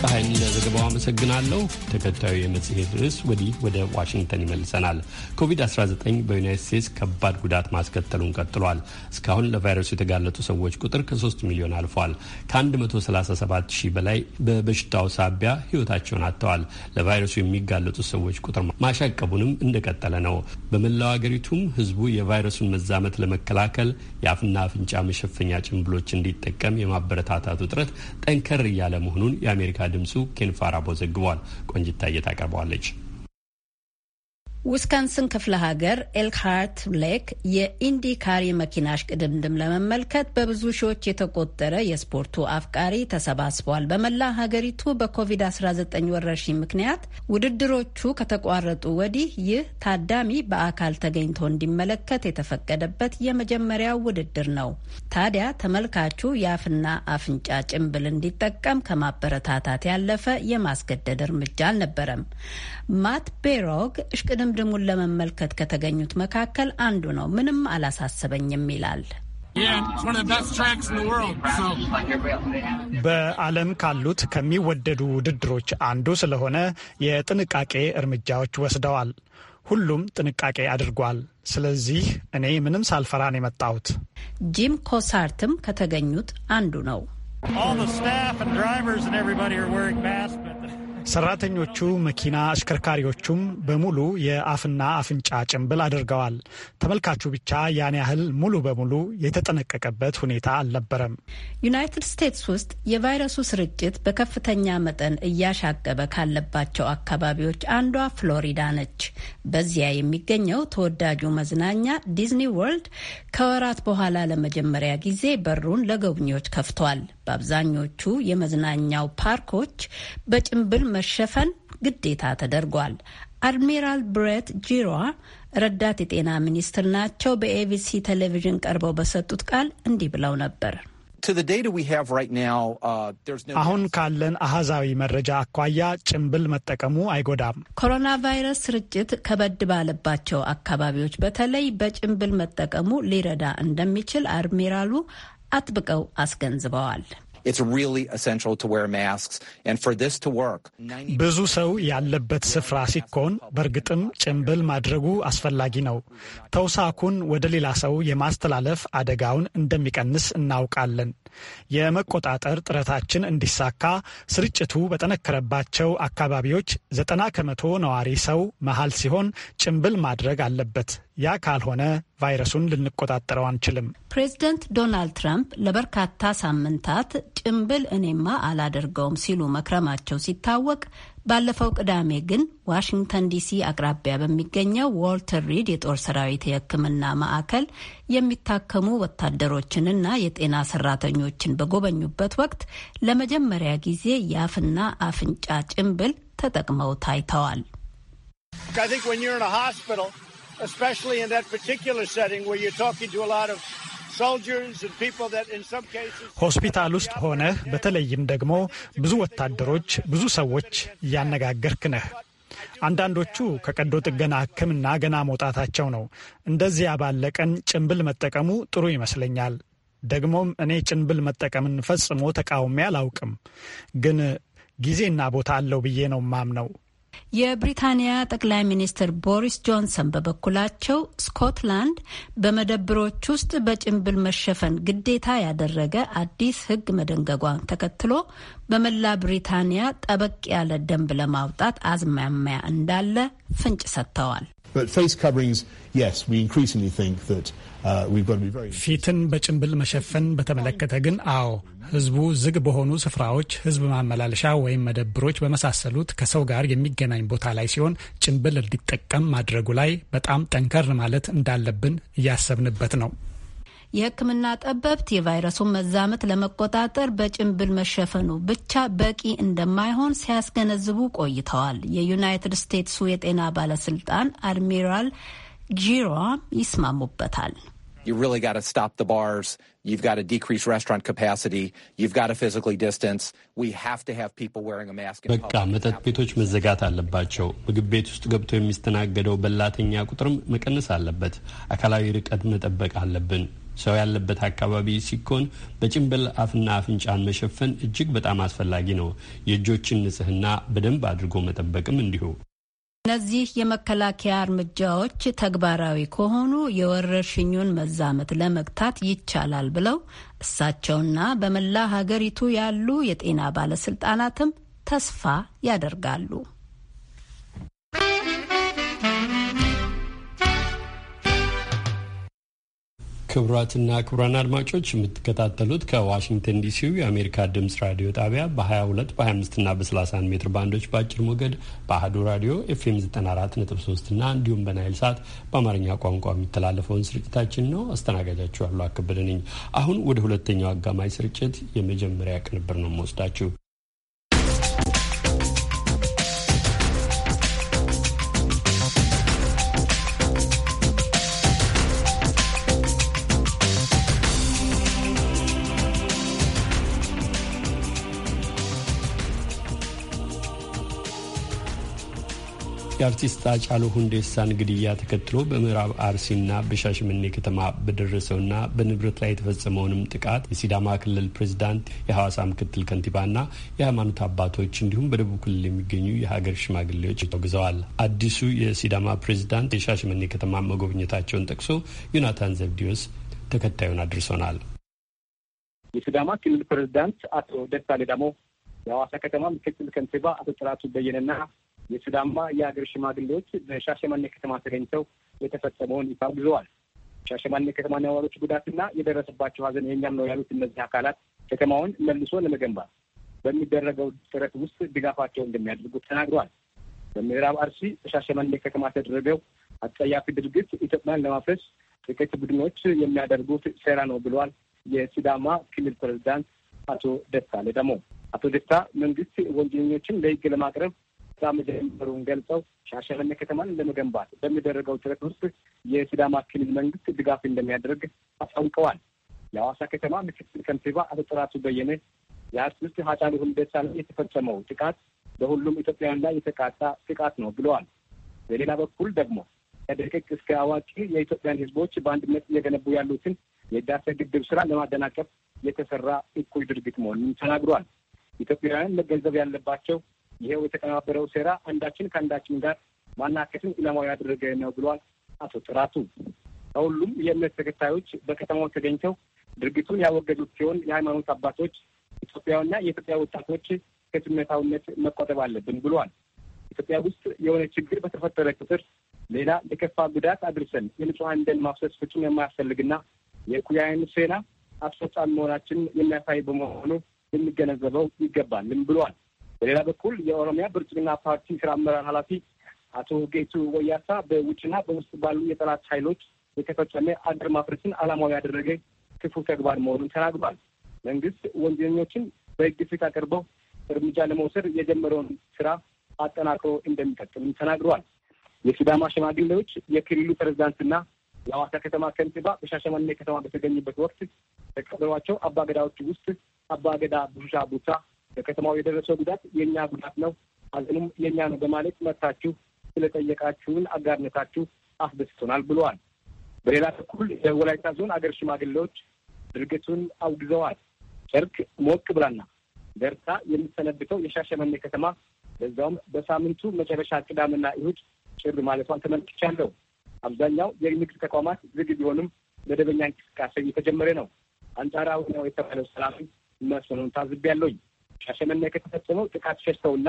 ፀሐይን ለዘገባው አመሰግናለሁ። ተከታዩ የመጽሔት ርዕስ ወዲህ ወደ ዋሽንግተን ይመልሰናል። ኮቪድ-19 በዩናይት ስቴትስ ከባድ ጉዳት ማስከተሉን ቀጥሏል። እስካሁን ለቫይረሱ የተጋለጡ ሰዎች ቁጥር ከ3 ሚሊዮን አልፏል። ከ137 ሺህ በላይ በበሽታው ሳቢያ ህይወታቸውን አጥተዋል። ለቫይረሱ የሚጋለጡ ሰዎች ቁጥር ማሻቀቡንም እንደቀጠለ ነው። በመላው አገሪቱም ህዝቡ የቫይረሱን መዛመት ለመከላከል የአፍና አፍንጫ መሸፈኛ ጭንብሎች እንዲጠቀም የማበረታታት ውጥረት ጠንከር እያለ መሆኑን የአሜሪካ ድምፁ ኬንፋራቦ ዘግቧል። ቆንጅታ እየታቀርበዋለች። ዊስካንስን ክፍለ ሀገር ኤልክሃርት ሌክ የኢንዲካሪ መኪና እሽቅድምድም ለመመልከት በብዙ ሺዎች የተቆጠረ የስፖርቱ አፍቃሪ ተሰባስቧል። በመላ ሀገሪቱ በኮቪድ-19 ወረርሽኝ ምክንያት ውድድሮቹ ከተቋረጡ ወዲህ ይህ ታዳሚ በአካል ተገኝቶ እንዲመለከት የተፈቀደበት የመጀመሪያው ውድድር ነው። ታዲያ ተመልካቹ የአፍና አፍንጫ ጭንብል እንዲጠቀም ከማበረታታት ያለፈ የማስገደድ እርምጃ አልነበረም። ማት ቤሮግ እሽቅድም ልምድሙን ለመመልከት ከተገኙት መካከል አንዱ ነው። ምንም አላሳሰበኝም ይላል። በዓለም ካሉት ከሚወደዱ ውድድሮች አንዱ ስለሆነ የጥንቃቄ እርምጃዎች ወስደዋል። ሁሉም ጥንቃቄ አድርጓል። ስለዚህ እኔ ምንም ሳልፈራን የመጣሁት። ጂም ኮሳርትም ከተገኙት አንዱ ነው። ሰራተኞቹ መኪና አሽከርካሪዎቹም በሙሉ የአፍና አፍንጫ ጭንብል አድርገዋል። ተመልካቹ ብቻ ያን ያህል ሙሉ በሙሉ የተጠነቀቀበት ሁኔታ አልነበረም። ዩናይትድ ስቴትስ ውስጥ የቫይረሱ ስርጭት በከፍተኛ መጠን እያሻገበ ካለባቸው አካባቢዎች አንዷ ፍሎሪዳ ነች። በዚያ የሚገኘው ተወዳጁ መዝናኛ ዲዝኒ ወርልድ ከወራት በኋላ ለመጀመሪያ ጊዜ በሩን ለጎብኚዎች ከፍቷል። በአብዛኞቹ የመዝናኛው ፓርኮች በጭንብል መሸፈን ግዴታ ተደርጓል። አድሚራል ብሬት ጂሮዋ ረዳት የጤና ሚኒስትር ናቸው። በኤቢሲ ቴሌቪዥን ቀርበው በሰጡት ቃል እንዲህ ብለው ነበር። uh, አሁን ካለን አሃዛዊ መረጃ አኳያ ጭንብል መጠቀሙ አይጎዳም። ኮሮና ቫይረስ ስርጭት ከበድ ባለባቸው አካባቢዎች በተለይ በጭንብል መጠቀሙ ሊረዳ እንደሚችል አድሚራሉ አጥብቀው አስገንዝበዋል። ብዙ ሰው ያለበት ስፍራ ሲኮን በእርግጥም ጭንብል ማድረጉ አስፈላጊ ነው። ተውሳኩን ወደ ሌላ ሰው የማስተላለፍ አደጋውን እንደሚቀንስ እናውቃለን። የመቆጣጠር ጥረታችን እንዲሳካ ስርጭቱ በጠነከረባቸው አካባቢዎች ዘጠና ከመቶ ነዋሪ ሰው መሀል ሲሆን ጭንብል ማድረግ አለበት። ያ ካልሆነ ቫይረሱን ልንቆጣጠረው አንችልም። ፕሬዝደንት ዶናልድ ትራምፕ ለበርካታ ሳምንታት ጭንብል እኔማ አላደርገውም ሲሉ መክረማቸው ሲታወቅ ባለፈው ቅዳሜ ግን ዋሽንግተን ዲሲ አቅራቢያ በሚገኘው ዋልተር ሪድ የጦር ሰራዊት የሕክምና ማዕከል የሚታከሙ ወታደሮችንና የጤና ሰራተኞችን በጎበኙበት ወቅት ለመጀመሪያ ጊዜ የአፍና አፍንጫ ጭንብል ተጠቅመው ታይተዋል። ሆስፒታል ውስጥ ሆነህ በተለይም ደግሞ ብዙ ወታደሮች፣ ብዙ ሰዎች እያነጋገርክ ነህ። አንዳንዶቹ ከቀዶ ጥገና ሕክምና ገና መውጣታቸው ነው። እንደዚያ ባለ ቀን ጭንብል መጠቀሙ ጥሩ ይመስለኛል። ደግሞም እኔ ጭንብል መጠቀምን ፈጽሞ ተቃውሜ አላውቅም፣ ግን ጊዜና ቦታ አለው ብዬ ነው ማምነው። የብሪታንያ ጠቅላይ ሚኒስትር ቦሪስ ጆንሰን በበኩላቸው ስኮትላንድ በመደብሮች ውስጥ በጭንብል መሸፈን ግዴታ ያደረገ አዲስ ሕግ መደንገጓን ተከትሎ በመላ ብሪታንያ ጠበቅ ያለ ደንብ ለማውጣት አዝማሚያ እንዳለ ፍንጭ ሰጥተዋል። Uh, ፊትን በጭንብል መሸፈን በተመለከተ ግን አዎ፣ ህዝቡ ዝግ በሆኑ ስፍራዎች፣ ህዝብ ማመላለሻ ወይም መደብሮች በመሳሰሉት ከሰው ጋር የሚገናኝ ቦታ ላይ ሲሆን ጭንብል እንዲጠቀም ማድረጉ ላይ በጣም ጠንከር ማለት እንዳለብን እያሰብንበት ነው። የሕክምና ጠበብት የቫይረሱን መዛመት ለመቆጣጠር በጭንብል መሸፈኑ ብቻ በቂ እንደማይሆን ሲያስገነዝቡ ቆይተዋል። የዩናይትድ ስቴትሱ የጤና ባለስልጣን አድሚራል ጂሮም ይስማሙበታል። you really got to stop the bars. You've got to decrease restaurant capacity. You've got to physically distance. We have to have people wearing a mask. በቃ መጠጥ ቤቶች መዘጋት አለባቸው። ምግብ ቤት ውስጥ ገብቶ የሚስተናገደው በላተኛ ቁጥርም መቀነስ አለበት። አካላዊ ርቀት መጠበቅ አለብን። ሰው ያለበት አካባቢ ሲኮን በጭንብል አፍና አፍንጫን መሸፈን እጅግ በጣም አስፈላጊ ነው። የእጆችን ንጽህና በደንብ አድርጎ መጠበቅም እንዲሁ እነዚህ የመከላከያ እርምጃዎች ተግባራዊ ከሆኑ የወረርሽኙን መዛመት ለመግታት ይቻላል ብለው እሳቸውና በመላ ሀገሪቱ ያሉ የጤና ባለስልጣናትም ተስፋ ያደርጋሉ። ክቡራትና ክቡራን አድማጮች የምትከታተሉት ከዋሽንግተን ዲሲው የአሜሪካ ድምጽ ራዲዮ ጣቢያ በ22 በ25 እና በ31 ሜትር ባንዶች በአጭር ሞገድ በአህዱ ራዲዮ ኤፍኤም 943 እና እንዲሁም በናይል ሳት በአማርኛ ቋንቋ የሚተላለፈውን ስርጭታችን ነው። አስተናጋጃችሁ አሉ አከበደ ነኝ። አሁን ወደ ሁለተኛው አጋማሽ ስርጭት የመጀመሪያ ቅንብር ነው የምወስዳችሁ። የአርቲስት አጫሉ ሁንዴሳን ግድያ ተከትሎ በምዕራብ አርሲና በሻሸመኔ ከተማ በደረሰውና በንብረት ላይ የተፈጸመውንም ጥቃት የሲዳማ ክልል ፕሬዚዳንት፣ የሐዋሳ ምክትል ከንቲባና የሃይማኖት አባቶች እንዲሁም በደቡብ ክልል የሚገኙ የሀገር ሽማግሌዎች አውግዘዋል። አዲሱ የሲዳማ ፕሬዚዳንት የሻሸመኔ ከተማ መጎብኘታቸውን ጠቅሶ ዮናታን ዘብዲዮስ ተከታዩን አድርሶናል። የሲዳማ ክልል ፕሬዚዳንት አቶ ደሳሌ ሌዳሞ፣ የሐዋሳ ከተማ ምክትል ከንቲባ አቶ ጥራቱ በየነና የሱዳማ የሀገር ሽማግሌዎች በሻሸመኔ ከተማ ተገኝተው የተፈጸመውን ይፋ አውግዘዋል። ሻሸመኔ ከተማ ነዋሪዎች ጉዳትና የደረሰባቸው ሀዘን የኛም ነው ያሉት እነዚህ አካላት ከተማውን መልሶ ለመገንባት በሚደረገው ጥረት ውስጥ ድጋፋቸው እንደሚያደርጉ ተናግረዋል። በምዕራብ አርሲ በሻሸመኔ ከተማ ተደረገው አጸያፊ ድርጊት ኢትዮጵያን ለማፍረስ ጥቂት ቡድኖች የሚያደርጉት ሴራ ነው ብለዋል። የሲዳማ ክልል ፕሬዚዳንት አቶ ደስታ ለዳሞ አቶ ደስታ መንግስት ወንጀለኞችን ለህግ ለማቅረብ ስራ መጀመሩን ገልጸው ሻሸመኔ ከተማን ለመገንባት በሚደረገው ጥረት ውስጥ የሲዳማ ክልል መንግስት ድጋፍ እንደሚያደርግ አስታውቀዋል። የሐዋሳ ከተማ ምክትል ከንቲባ አቶ ጥራቱ በየነ የአርቲስት ሀጫሉ ሁንዴሳ ላይ የተፈጸመው ጥቃት በሁሉም ኢትዮጵያውያን ላይ የተቃጣ ጥቃት ነው ብለዋል። በሌላ በኩል ደግሞ ከደቂቅ እስከ አዋቂ የኢትዮጵያን ህዝቦች በአንድነት እየገነቡ ያሉትን የዳሰ ግድብ ስራ ለማደናቀፍ የተሰራ እኩይ ድርጊት መሆኑን ተናግሯል። ኢትዮጵያውያን መገንዘብ ያለባቸው ይኸው የተቀናበረው ሴራ አንዳችን ከአንዳችን ጋር ማናከትን ኢላማዊ ያደረገ ነው ብሏል አቶ ጥራቱ። ከሁሉም የእምነት ተከታዮች በከተማው ተገኝተው ድርጊቱን ያወገዱት ሲሆን የሃይማኖት አባቶች ኢትዮጵያውና የኢትዮጵያ ወጣቶች ከስሜታዊነት መቆጠብ አለብን ብሏል። ኢትዮጵያ ውስጥ የሆነ ችግር በተፈጠረ ቁጥር ሌላ የከፋ ጉዳት አድርሰን የንጹሐን ደም ማፍሰስ ፍጹም የማያስፈልግና የኩያይን ሴና አስፈጻሚ መሆናችን የሚያሳይ በመሆኑ ልንገነዘበው ይገባልም ብሏል። በሌላ በኩል የኦሮሚያ ብልጽግና ፓርቲ ስራ አመራር ኃላፊ አቶ ጌቱ ወያሳ በውጭና በውስጥ ባሉ የጠላት ኃይሎች የተፈጸመ አገር ማፍረስን ዓላማዊ ያደረገ ክፉ ተግባር መሆኑን ተናግሯል። መንግስት ወንጀለኞችን በሕግ ፊት አቅርበው እርምጃ ለመውሰድ የጀመረውን ስራ አጠናክሮ እንደሚቀጥልም ተናግረዋል። የሲዳማ ሽማግሌዎች የክልሉ ፕሬዚዳንትና የሐዋሳ ከተማ ከንቲባ በሻሸመኔ ከተማ በተገኙበት ወቅት በቀበሯቸው አባገዳዎች ውስጥ አባገዳ ቡሻ ቡታ በከተማው የደረሰ ጉዳት የእኛ ጉዳት ነው፣ ሀዘኑም የእኛ ነው በማለት መታችሁ ስለጠየቃችሁን አጋርነታችሁ አስደስቶናል ብለዋል። በሌላ በኩል የወላይታ ዞን አገር ሽማግሌዎች ድርጊቱን አውግዘዋል። ጨርቅ ሞቅ ብላና ደርታ የምትሰነብተው የሻሸመኔ ከተማ በዛውም በሳምንቱ መጨረሻ ቅዳምና እሁድ ጭር ማለቷን ተመልክቻለሁ። አብዛኛው የንግድ ተቋማት ዝግ ቢሆንም መደበኛ እንቅስቃሴ እየተጀመረ ነው። አንጻራዊ ነው የተባለው ሰላም መስኖን ያለውኝ። ሻሸመኔ ከተፈጸመው ጥቃት ሸሽተውና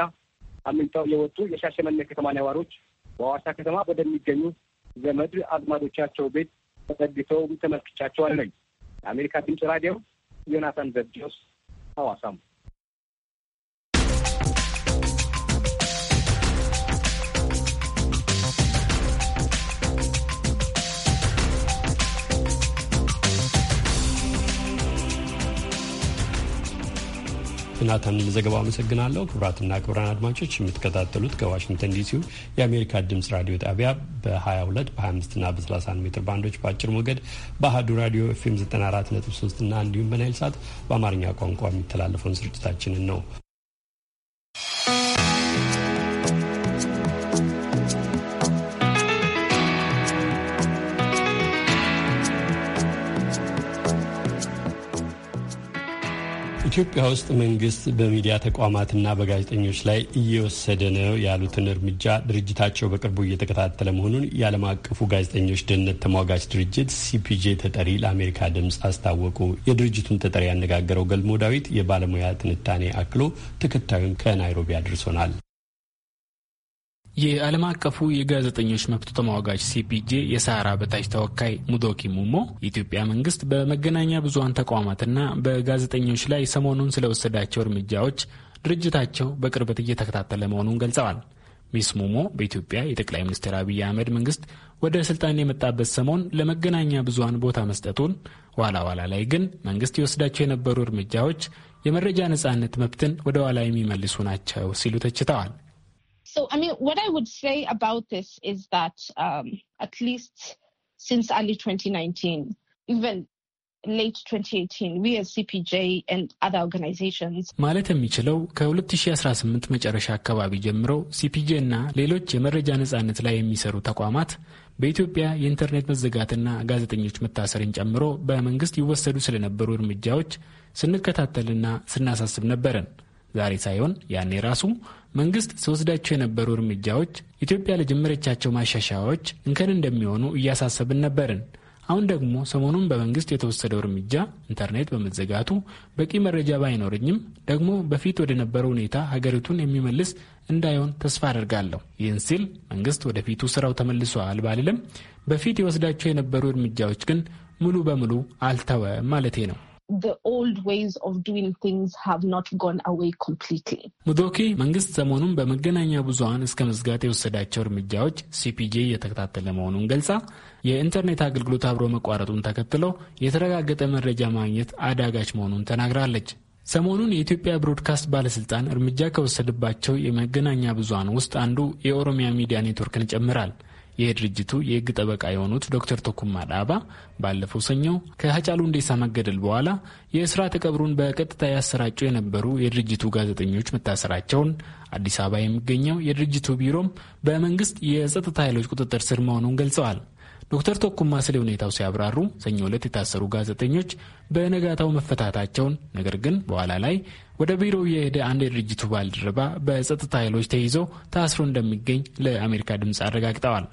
አምልጠው የወጡ የሻሸመኔ ከተማ ነዋሪዎች በሐዋሳ ከተማ ወደሚገኙ ዘመድ አዝማዶቻቸው ቤት ተጠግተው ተመልክቻቸዋለኝ። የአሜሪካ ድምፅ ራዲዮ ዮናታን ዘብዲዮስ ሐዋሳም ዮናታን ለዘገባው አመሰግናለሁ። ክቡራትና ክቡራን አድማጮች የምትከታተሉት ከዋሽንግተን ዲሲው የአሜሪካ ድምጽ ራዲዮ ጣቢያ በ22 በ25ና በ31 ሜትር ባንዶች በአጭር ሞገድ በአህዱ ራዲዮ ኤፍኤም 94.3 እና እንዲሁም በናይል ሰዓት በአማርኛ ቋንቋ የሚተላለፈውን ስርጭታችንን ነው። ኢትዮጵያ ውስጥ መንግስት በሚዲያ ተቋማትና በጋዜጠኞች ላይ እየወሰደ ነው ያሉትን እርምጃ ድርጅታቸው በቅርቡ እየተከታተለ መሆኑን የዓለም አቀፉ ጋዜጠኞች ደህንነት ተሟጋች ድርጅት ሲፒጄ ተጠሪ ለአሜሪካ ድምፅ አስታወቁ። የድርጅቱን ተጠሪ ያነጋገረው ገልሞ ዳዊት የባለሙያ ትንታኔ አክሎ ተከታዩን ከናይሮቢ አድርሶናል። የዓለም አቀፉ የጋዜጠኞች መብት ተሟጋች ሲፒጄ የሰሃራ በታች ተወካይ ሙዶኪ ሙሞ የኢትዮጵያ መንግስት በመገናኛ ብዙሀን ተቋማትና በጋዜጠኞች ላይ ሰሞኑን ስለወሰዳቸው እርምጃዎች ድርጅታቸው በቅርበት እየተከታተለ መሆኑን ገልጸዋል። ሚስ ሙሞ በኢትዮጵያ የጠቅላይ ሚኒስትር አብይ አህመድ መንግስት ወደ ስልጣን የመጣበት ሰሞን ለመገናኛ ብዙሀን ቦታ መስጠቱን፣ ኋላ ኋላ ላይ ግን መንግስት የወስዳቸው የነበሩ እርምጃዎች የመረጃ ነጻነት መብትን ወደ ኋላ የሚመልሱ ናቸው ሲሉ ተችተዋል። So, I mean, what I would say about this is that um, at least since early 2019, even late 2018 we as CPJ and other organizations ማለት የሚችለው ከ2018 መጨረሻ አካባቢ ጀምሮ ሲፒጄ እና ሌሎች የመረጃ ነጻነት ላይ የሚሰሩ ተቋማት በኢትዮጵያ የኢንተርኔት መዘጋትና ጋዜጠኞች መታሰርን ጨምሮ በመንግስት ይወሰዱ ስለነበሩ እርምጃዎች ስንከታተልና ስናሳስብ ነበረን። ዛሬ ሳይሆን ያኔ ራሱ መንግስት ሲወስዳቸው የነበሩ እርምጃዎች ኢትዮጵያ ለጀመረቻቸው ማሻሻያዎች እንከን እንደሚሆኑ እያሳሰብን ነበርን። አሁን ደግሞ ሰሞኑን በመንግስት የተወሰደው እርምጃ ኢንተርኔት በመዘጋቱ በቂ መረጃ ባይኖርኝም ደግሞ በፊት ወደ ነበረው ሁኔታ ሀገሪቱን የሚመልስ እንዳይሆን ተስፋ አደርጋለሁ። ይህን ሲል መንግስት ወደፊቱ ስራው ተመልሷል ባልልም በፊት የወስዳቸው የነበሩ እርምጃዎች ግን ሙሉ በሙሉ አልተወ ማለቴ ነው። ሙዶኪ መንግስት ሰሞኑን በመገናኛ ብዙኃን እስከ መዝጋት የወሰዳቸው እርምጃዎች ሲፒጄ እየተከታተለ መሆኑን ገልጻ የኢንተርኔት አገልግሎት አብሮ መቋረጡን ተከትሎ የተረጋገጠ መረጃ ማግኘት አዳጋች መሆኑን ተናግራለች። ሰሞኑን የኢትዮጵያ ብሮድካስት ባለስልጣን እርምጃ ከወሰደባቸው የመገናኛ ብዙኃን ውስጥ አንዱ የኦሮሚያ ሚዲያ ኔትወርክን ይጨምራል። የድርጅቱ የህግ ጠበቃ የሆኑት ዶክተር ቶኩማ ዳባ ባለፈው ሰኞ ከሀጫሉ ሁንዴሳ መገደል በኋላ የስርዓተ ቀብሩን በቀጥታ ያሰራጩ የነበሩ የድርጅቱ ጋዜጠኞች መታሰራቸውን አዲስ አበባ የሚገኘው የድርጅቱ ቢሮም በመንግስት የጸጥታ ኃይሎች ቁጥጥር ስር መሆኑን ገልጸዋል። ዶክተር ቶኩማ ስለ ሁኔታው ሲያብራሩ ሰኞ ዕለት የታሰሩ ጋዜጠኞች በነጋታው መፈታታቸውን ነገር ግን በኋላ ላይ ወደ ቢሮው የሄደ አንድ የድርጅቱ ባልደረባ በጸጥታ ኃይሎች ተይዞ ታስሮ እንደሚገኝ ለአሜሪካ ድምፅ አረጋግጠዋል።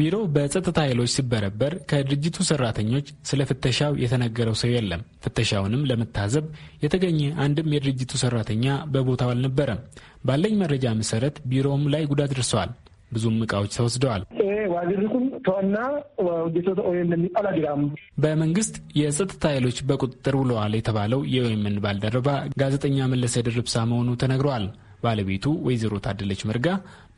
ቢሮው በጸጥታ ኃይሎች ሲበረበር ከድርጅቱ ሰራተኞች ስለ ፍተሻው የተነገረው ሰው የለም። ፍተሻውንም ለመታዘብ የተገኘ አንድም የድርጅቱ ሰራተኛ በቦታው አልነበረም። ባለኝ መረጃ መሰረት ቢሮውም ላይ ጉዳት ደርሰዋል። ብዙም እቃዎች ተወስደዋል። በመንግስት የጸጥታ ኃይሎች በቁጥጥር ውለዋል የተባለው የወይምን ባልደረባ ጋዜጠኛ መለሰ ድርብሳ መሆኑ ተነግሯል። ባለቤቱ ወይዘሮ ታደለች መርጋ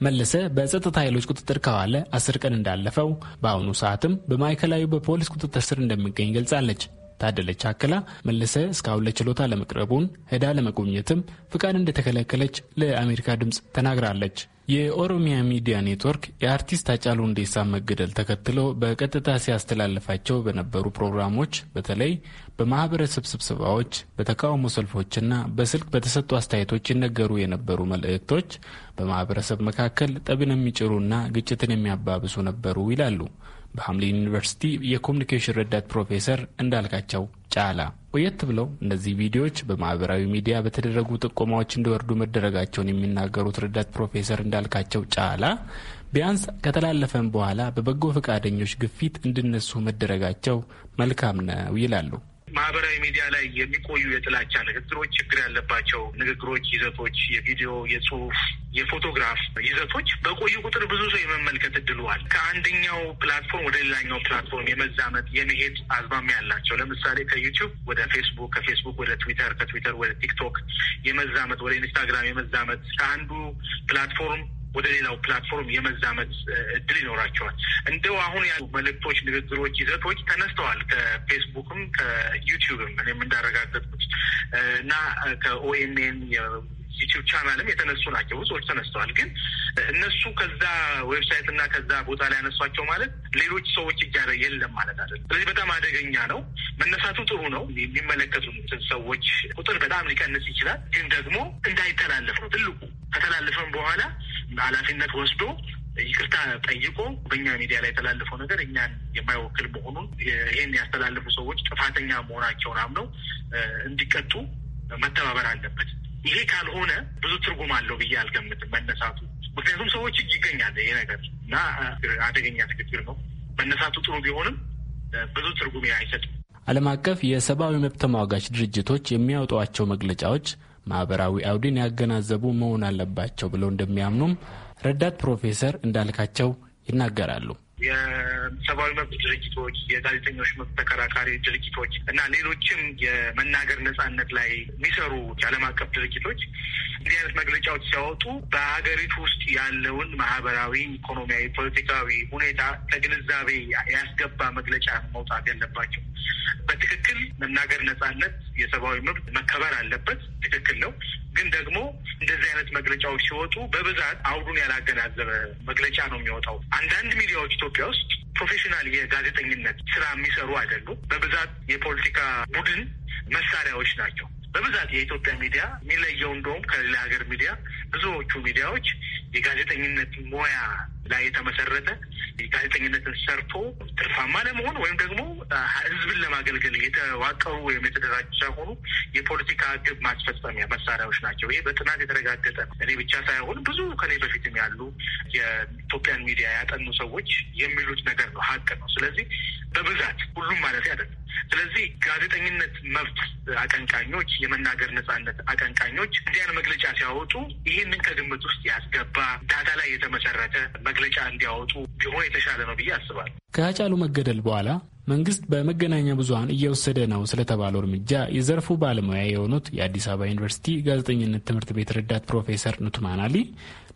መለሰ በጸጥታ ኃይሎች ቁጥጥር ከዋለ አስር ቀን እንዳለፈው በአሁኑ ሰዓትም በማዕከላዊ በፖሊስ ቁጥጥር ስር እንደሚገኝ ገልጻለች። ታደለች አክላ መለሰ እስካሁን ለችሎታ ለመቅረቡን ሄዳ ለመጎብኘትም ፍቃድ እንደተከለከለች ለአሜሪካ ድምፅ ተናግራለች። የኦሮሚያ ሚዲያ ኔትወርክ የአርቲስት አጫሉ ሁንዴሳ መገደል ተከትሎ በቀጥታ ሲያስተላልፋቸው በነበሩ ፕሮግራሞች በተለይ በማህበረሰብ ስብሰባዎች፣ በተቃውሞ ሰልፎችና በስልክ በተሰጡ አስተያየቶች ይነገሩ የነበሩ መልእክቶች በማህበረሰብ መካከል ጠብን የሚጭሩና ግጭትን የሚያባብሱ ነበሩ ይላሉ። በሐምሌ ዩኒቨርሲቲ የኮሚኒኬሽን ረዳት ፕሮፌሰር እንዳልካቸው ጫላ ቆየት ብለው እነዚህ ቪዲዮዎች በማህበራዊ ሚዲያ በተደረጉ ጥቆማዎች እንዲወርዱ መደረጋቸውን የሚናገሩት ረዳት ፕሮፌሰር እንዳልካቸው ጫላ ቢያንስ ከተላለፈም በኋላ በበጎ ፈቃደኞች ግፊት እንዲነሱ መደረጋቸው መልካም ነው ይላሉ። ማህበራዊ ሚዲያ ላይ የሚቆዩ የጥላቻ ንግግሮች፣ ችግር ያለባቸው ንግግሮች፣ ይዘቶች፣ የቪዲዮ፣ የጽሁፍ፣ የፎቶግራፍ ይዘቶች በቆዩ ቁጥር ብዙ ሰው የመመልከት እድሉዋል ከአንደኛው ፕላትፎርም ወደ ሌላኛው ፕላትፎርም የመዛመት የመሄድ አዝማሚያ ያላቸው ለምሳሌ ከዩቲዩብ ወደ ፌስቡክ፣ ከፌስቡክ ወደ ትዊተር፣ ከትዊተር ወደ ቲክቶክ የመዛመት ወደ ኢንስታግራም የመዛመት ከአንዱ ፕላትፎርም ወደ ሌላው ፕላትፎርም የመዛመት እድል ይኖራቸዋል። እንደው አሁን ያሉ መልእክቶች፣ ንግግሮች፣ ይዘቶች ተነስተዋል ከፌስቡክም ከዩቲዩብም እኔም እንዳረጋገጥኩት እና ከኦኤምኤን ዩቲዩብ ቻናልም የተነሱ ናቸው። ብዙዎች ተነስተዋል። ግን እነሱ ከዛ ዌብሳይት እና ከዛ ቦታ ላይ ያነሷቸው ማለት ሌሎች ሰዎች እጃ የለም ማለት አለ። ስለዚህ በጣም አደገኛ ነው። መነሳቱ ጥሩ ነው። የሚመለከቱትን ሰዎች ቁጥር በጣም ሊቀንስ ይችላል። ግን ደግሞ እንዳይተላለፍ ነው ትልቁ ከተላለፈም በኋላ ኃላፊነት ወስዶ ይቅርታ ጠይቆ በእኛ ሚዲያ ላይ የተላለፈው ነገር እኛን የማይወክል መሆኑን ይህን ያስተላለፉ ሰዎች ጥፋተኛ መሆናቸውን አምነው እንዲቀጡ መተባበር አለበት። ይሄ ካልሆነ ብዙ ትርጉም አለው ብዬ አልገምትም መነሳቱ። ምክንያቱም ሰዎች እጅ ይገኛል ይሄ ነገር እና አደገኛ ንግግር ነው። መነሳቱ ጥሩ ቢሆንም ብዙ ትርጉም አይሰጥም። ዓለም አቀፍ የሰብአዊ መብት ተሟጋች ድርጅቶች የሚያወጧቸው መግለጫዎች ማህበራዊ አውድን ያገናዘቡ መሆን አለባቸው ብለው እንደሚያምኑም ረዳት ፕሮፌሰር እንዳልካቸው ይናገራሉ። የሰብአዊ መብት ድርጅቶች፣ የጋዜጠኞች መብት ተከራካሪ ድርጅቶች እና ሌሎችም የመናገር ነጻነት ላይ የሚሰሩ የዓለም አቀፍ ድርጅቶች እንዲህ አይነት መግለጫዎች ሲያወጡ በሀገሪቱ ውስጥ ያለውን ማህበራዊ፣ ኢኮኖሚያዊ፣ ፖለቲካዊ ሁኔታ ከግንዛቤ ያስገባ መግለጫ መውጣት ያለባቸው። በትክክል መናገር ነጻነት፣ የሰብአዊ መብት መከበር አለበት። ትክክል ነው። ግን ደግሞ እንደዚህ አይነት መግለጫዎች ሲወጡ በብዛት አውዱን ያላገናዘበ መግለጫ ነው የሚወጣው አንዳንድ ሚዲያዎች ኢትዮጵያ ውስጥ ፕሮፌሽናል የጋዜጠኝነት ስራ የሚሰሩ አይደሉም። በብዛት የፖለቲካ ቡድን መሳሪያዎች ናቸው። በብዛት የኢትዮጵያ ሚዲያ የሚለየው እንደውም ከሌላ ሀገር ሚዲያ ብዙዎቹ ሚዲያዎች የጋዜጠኝነት ሙያ ላይ የተመሰረተ ጋዜጠኝነትን ሰርቶ ትርፋማ ለመሆን ወይም ደግሞ ህዝብን ለማገልገል የተዋቀሩ ወይም የተደራጀ ሳይሆኑ የፖለቲካ ግብ ማስፈጸሚያ መሳሪያዎች ናቸው። ይሄ በጥናት የተረጋገጠ እኔ ብቻ ሳይሆን ብዙ ከኔ በፊትም ያሉ የኢትዮጵያን ሚዲያ ያጠኑ ሰዎች የሚሉት ነገር ነው፣ ሀቅ ነው። ስለዚህ በብዛት ሁሉም ማለት አይደለም ስለዚህ ጋዜጠኝነት መብት አቀንቃኞች፣ የመናገር ነጻነት አቀንቃኞች እንዲያን መግለጫ ሲያወጡ ይህንን ከግምት ውስጥ ያስገባ ዳታ ላይ የተመሰረተ መግለጫ እንዲያወጡ ቢሆን የተሻለ ነው ብዬ አስባለሁ። ከሀጫሉ መገደል በኋላ መንግስት በመገናኛ ብዙኃን እየወሰደ ነው ስለተባለው እርምጃ የዘርፉ ባለሙያ የሆኑት የአዲስ አበባ ዩኒቨርሲቲ ጋዜጠኝነት ትምህርት ቤት ረዳት ፕሮፌሰር ኑትማን አሊ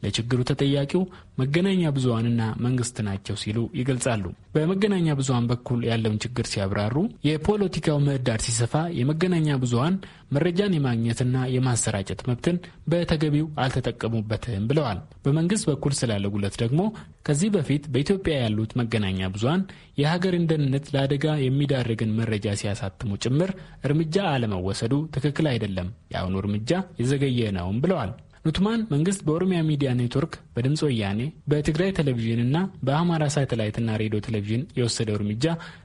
ለችግሩ ተጠያቂው መገናኛ ብዙሀንና መንግስት ናቸው ሲሉ ይገልጻሉ። በመገናኛ ብዙሀን በኩል ያለውን ችግር ሲያብራሩ የፖለቲካው ምህዳር ሲሰፋ የመገናኛ ብዙሀን መረጃን የማግኘትና የማሰራጨት መብትን በተገቢው አልተጠቀሙበትም ብለዋል። በመንግስት በኩል ስላለ ጉለት ደግሞ ከዚህ በፊት በኢትዮጵያ ያሉት መገናኛ ብዙሀን የሀገርን ደህንነት ለአደጋ የሚዳርግን መረጃ ሲያሳትሙ ጭምር እርምጃ አለመወሰዱ ትክክል አይደለም፣ የአሁኑ እርምጃ የዘገየ ነውም ብለዋል። ኑትማን መንግስት በኦሮሚያ ሚዲያ ኔትወርክ፣ በድምፅ ወያኔ፣ በትግራይ ቴሌቪዥን እና በአማራ ሳተላይትና ሬዲዮ ቴሌቪዥን የወሰደው እርምጃ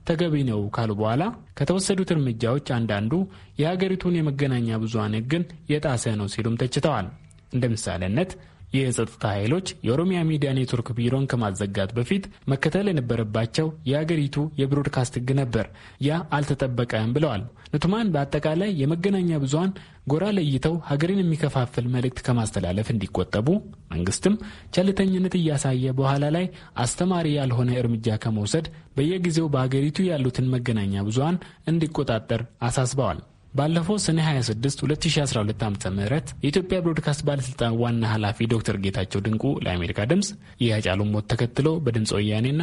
ተገቢ ነው ካሉ በኋላ ከተወሰዱት እርምጃዎች አንዳንዱ የሀገሪቱን የመገናኛ ብዙሃን ህግን የጣሰ ነው ሲሉም ተችተዋል። እንደ ምሳሌነት የጸጥታ ኃይሎች የኦሮሚያ ሚዲያ ኔትወርክ ቢሮን ከማዘጋት በፊት መከተል የነበረባቸው የአገሪቱ የብሮድካስት ህግ ነበር፣ ያ አልተጠበቀም ብለዋል ንቱማን በአጠቃላይ የመገናኛ ብዙሃን ጎራ ለይተው ሀገርን የሚከፋፍል መልእክት ከማስተላለፍ እንዲቆጠቡ መንግስትም ቸልተኝነት እያሳየ በኋላ ላይ አስተማሪ ያልሆነ እርምጃ ከመውሰድ በየጊዜው በሀገሪቱ ያሉትን መገናኛ ብዙሃን እንዲቆጣጠር አሳስበዋል። ባለፈው ሰኔ 26 2012 ዓ ም የኢትዮጵያ ብሮድካስት ባለሥልጣን ዋና ኃላፊ ዶክተር ጌታቸው ድንቁ ለአሜሪካ ድምፅ የሃጫሉን ሞት ተከትሎ በድምፅ ወያኔና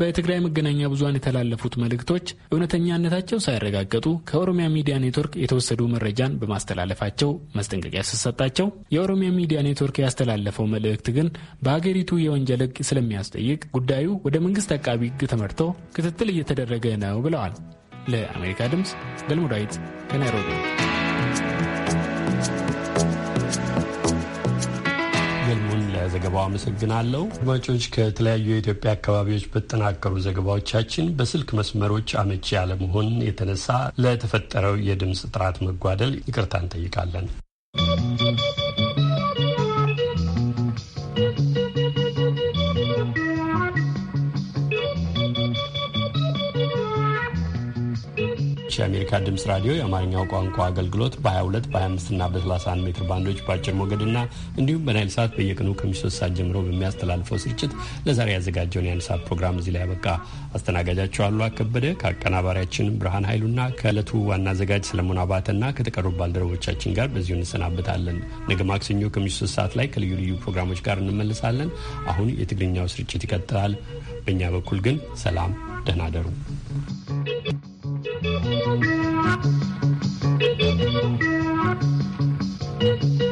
በትግራይ መገናኛ ብዙሃን የተላለፉት መልእክቶች እውነተኛነታቸው ሳይረጋገጡ ከኦሮሚያ ሚዲያ ኔትወርክ የተወሰዱ መረጃን በማስተላለፋቸው ማስጠንቀቂያ ሲሰጣቸው የኦሮሚያ ሚዲያ ኔትወርክ ያስተላለፈው መልእክት ግን በሀገሪቱ የወንጀል ሕግ ስለሚያስጠይቅ ጉዳዩ ወደ መንግስት አቃቢ ሕግ ተመርቶ ክትትል እየተደረገ ነው ብለዋል። ለአሜሪካ ድምፅ ገልሞ ዳዊት ከናይሮቢ። ገልሞን ለዘገባው አመሰግናለሁ። አድማጮች ከተለያዩ የኢትዮጵያ አካባቢዎች በተጠናከሩ ዘገባዎቻችን በስልክ መስመሮች አመቺ ያለመሆን የተነሳ ለተፈጠረው የድምፅ ጥራት መጓደል ይቅርታ እንጠይቃለን። የአሜሪካ ድምፅ ራዲዮ የአማርኛው ቋንቋ አገልግሎት በ22 25 እና በ31 ሜትር ባንዶች በአጭር ሞገድ ሞገድና እንዲሁም በናይል ሰዓት በየቀኑ ከምሽቱ ሶስት ሰዓት ጀምሮ በሚያስተላልፈው ስርጭት ለዛሬ ያዘጋጀውን የአንድ ሰዓት ፕሮግራም እዚህ ላይ ያበቃ። አስተናጋጃቸው አሉ አከበደ ከአቀናባሪያችን ብርሃን ኃይሉና ከዕለቱ ዋና አዘጋጅ ሰለሞን አባተና ከተቀሩ ባልደረቦቻችን ጋር በዚሁ እንሰናበታለን። ነገ ማክሰኞ ከምሽቱ ሶስት ሰዓት ላይ ከልዩ ልዩ ፕሮግራሞች ጋር እንመልሳለን። አሁን የትግርኛው ስርጭት ይቀጥላል። በእኛ በኩል ግን ሰላም፣ ደህና ደሩ። Thank you.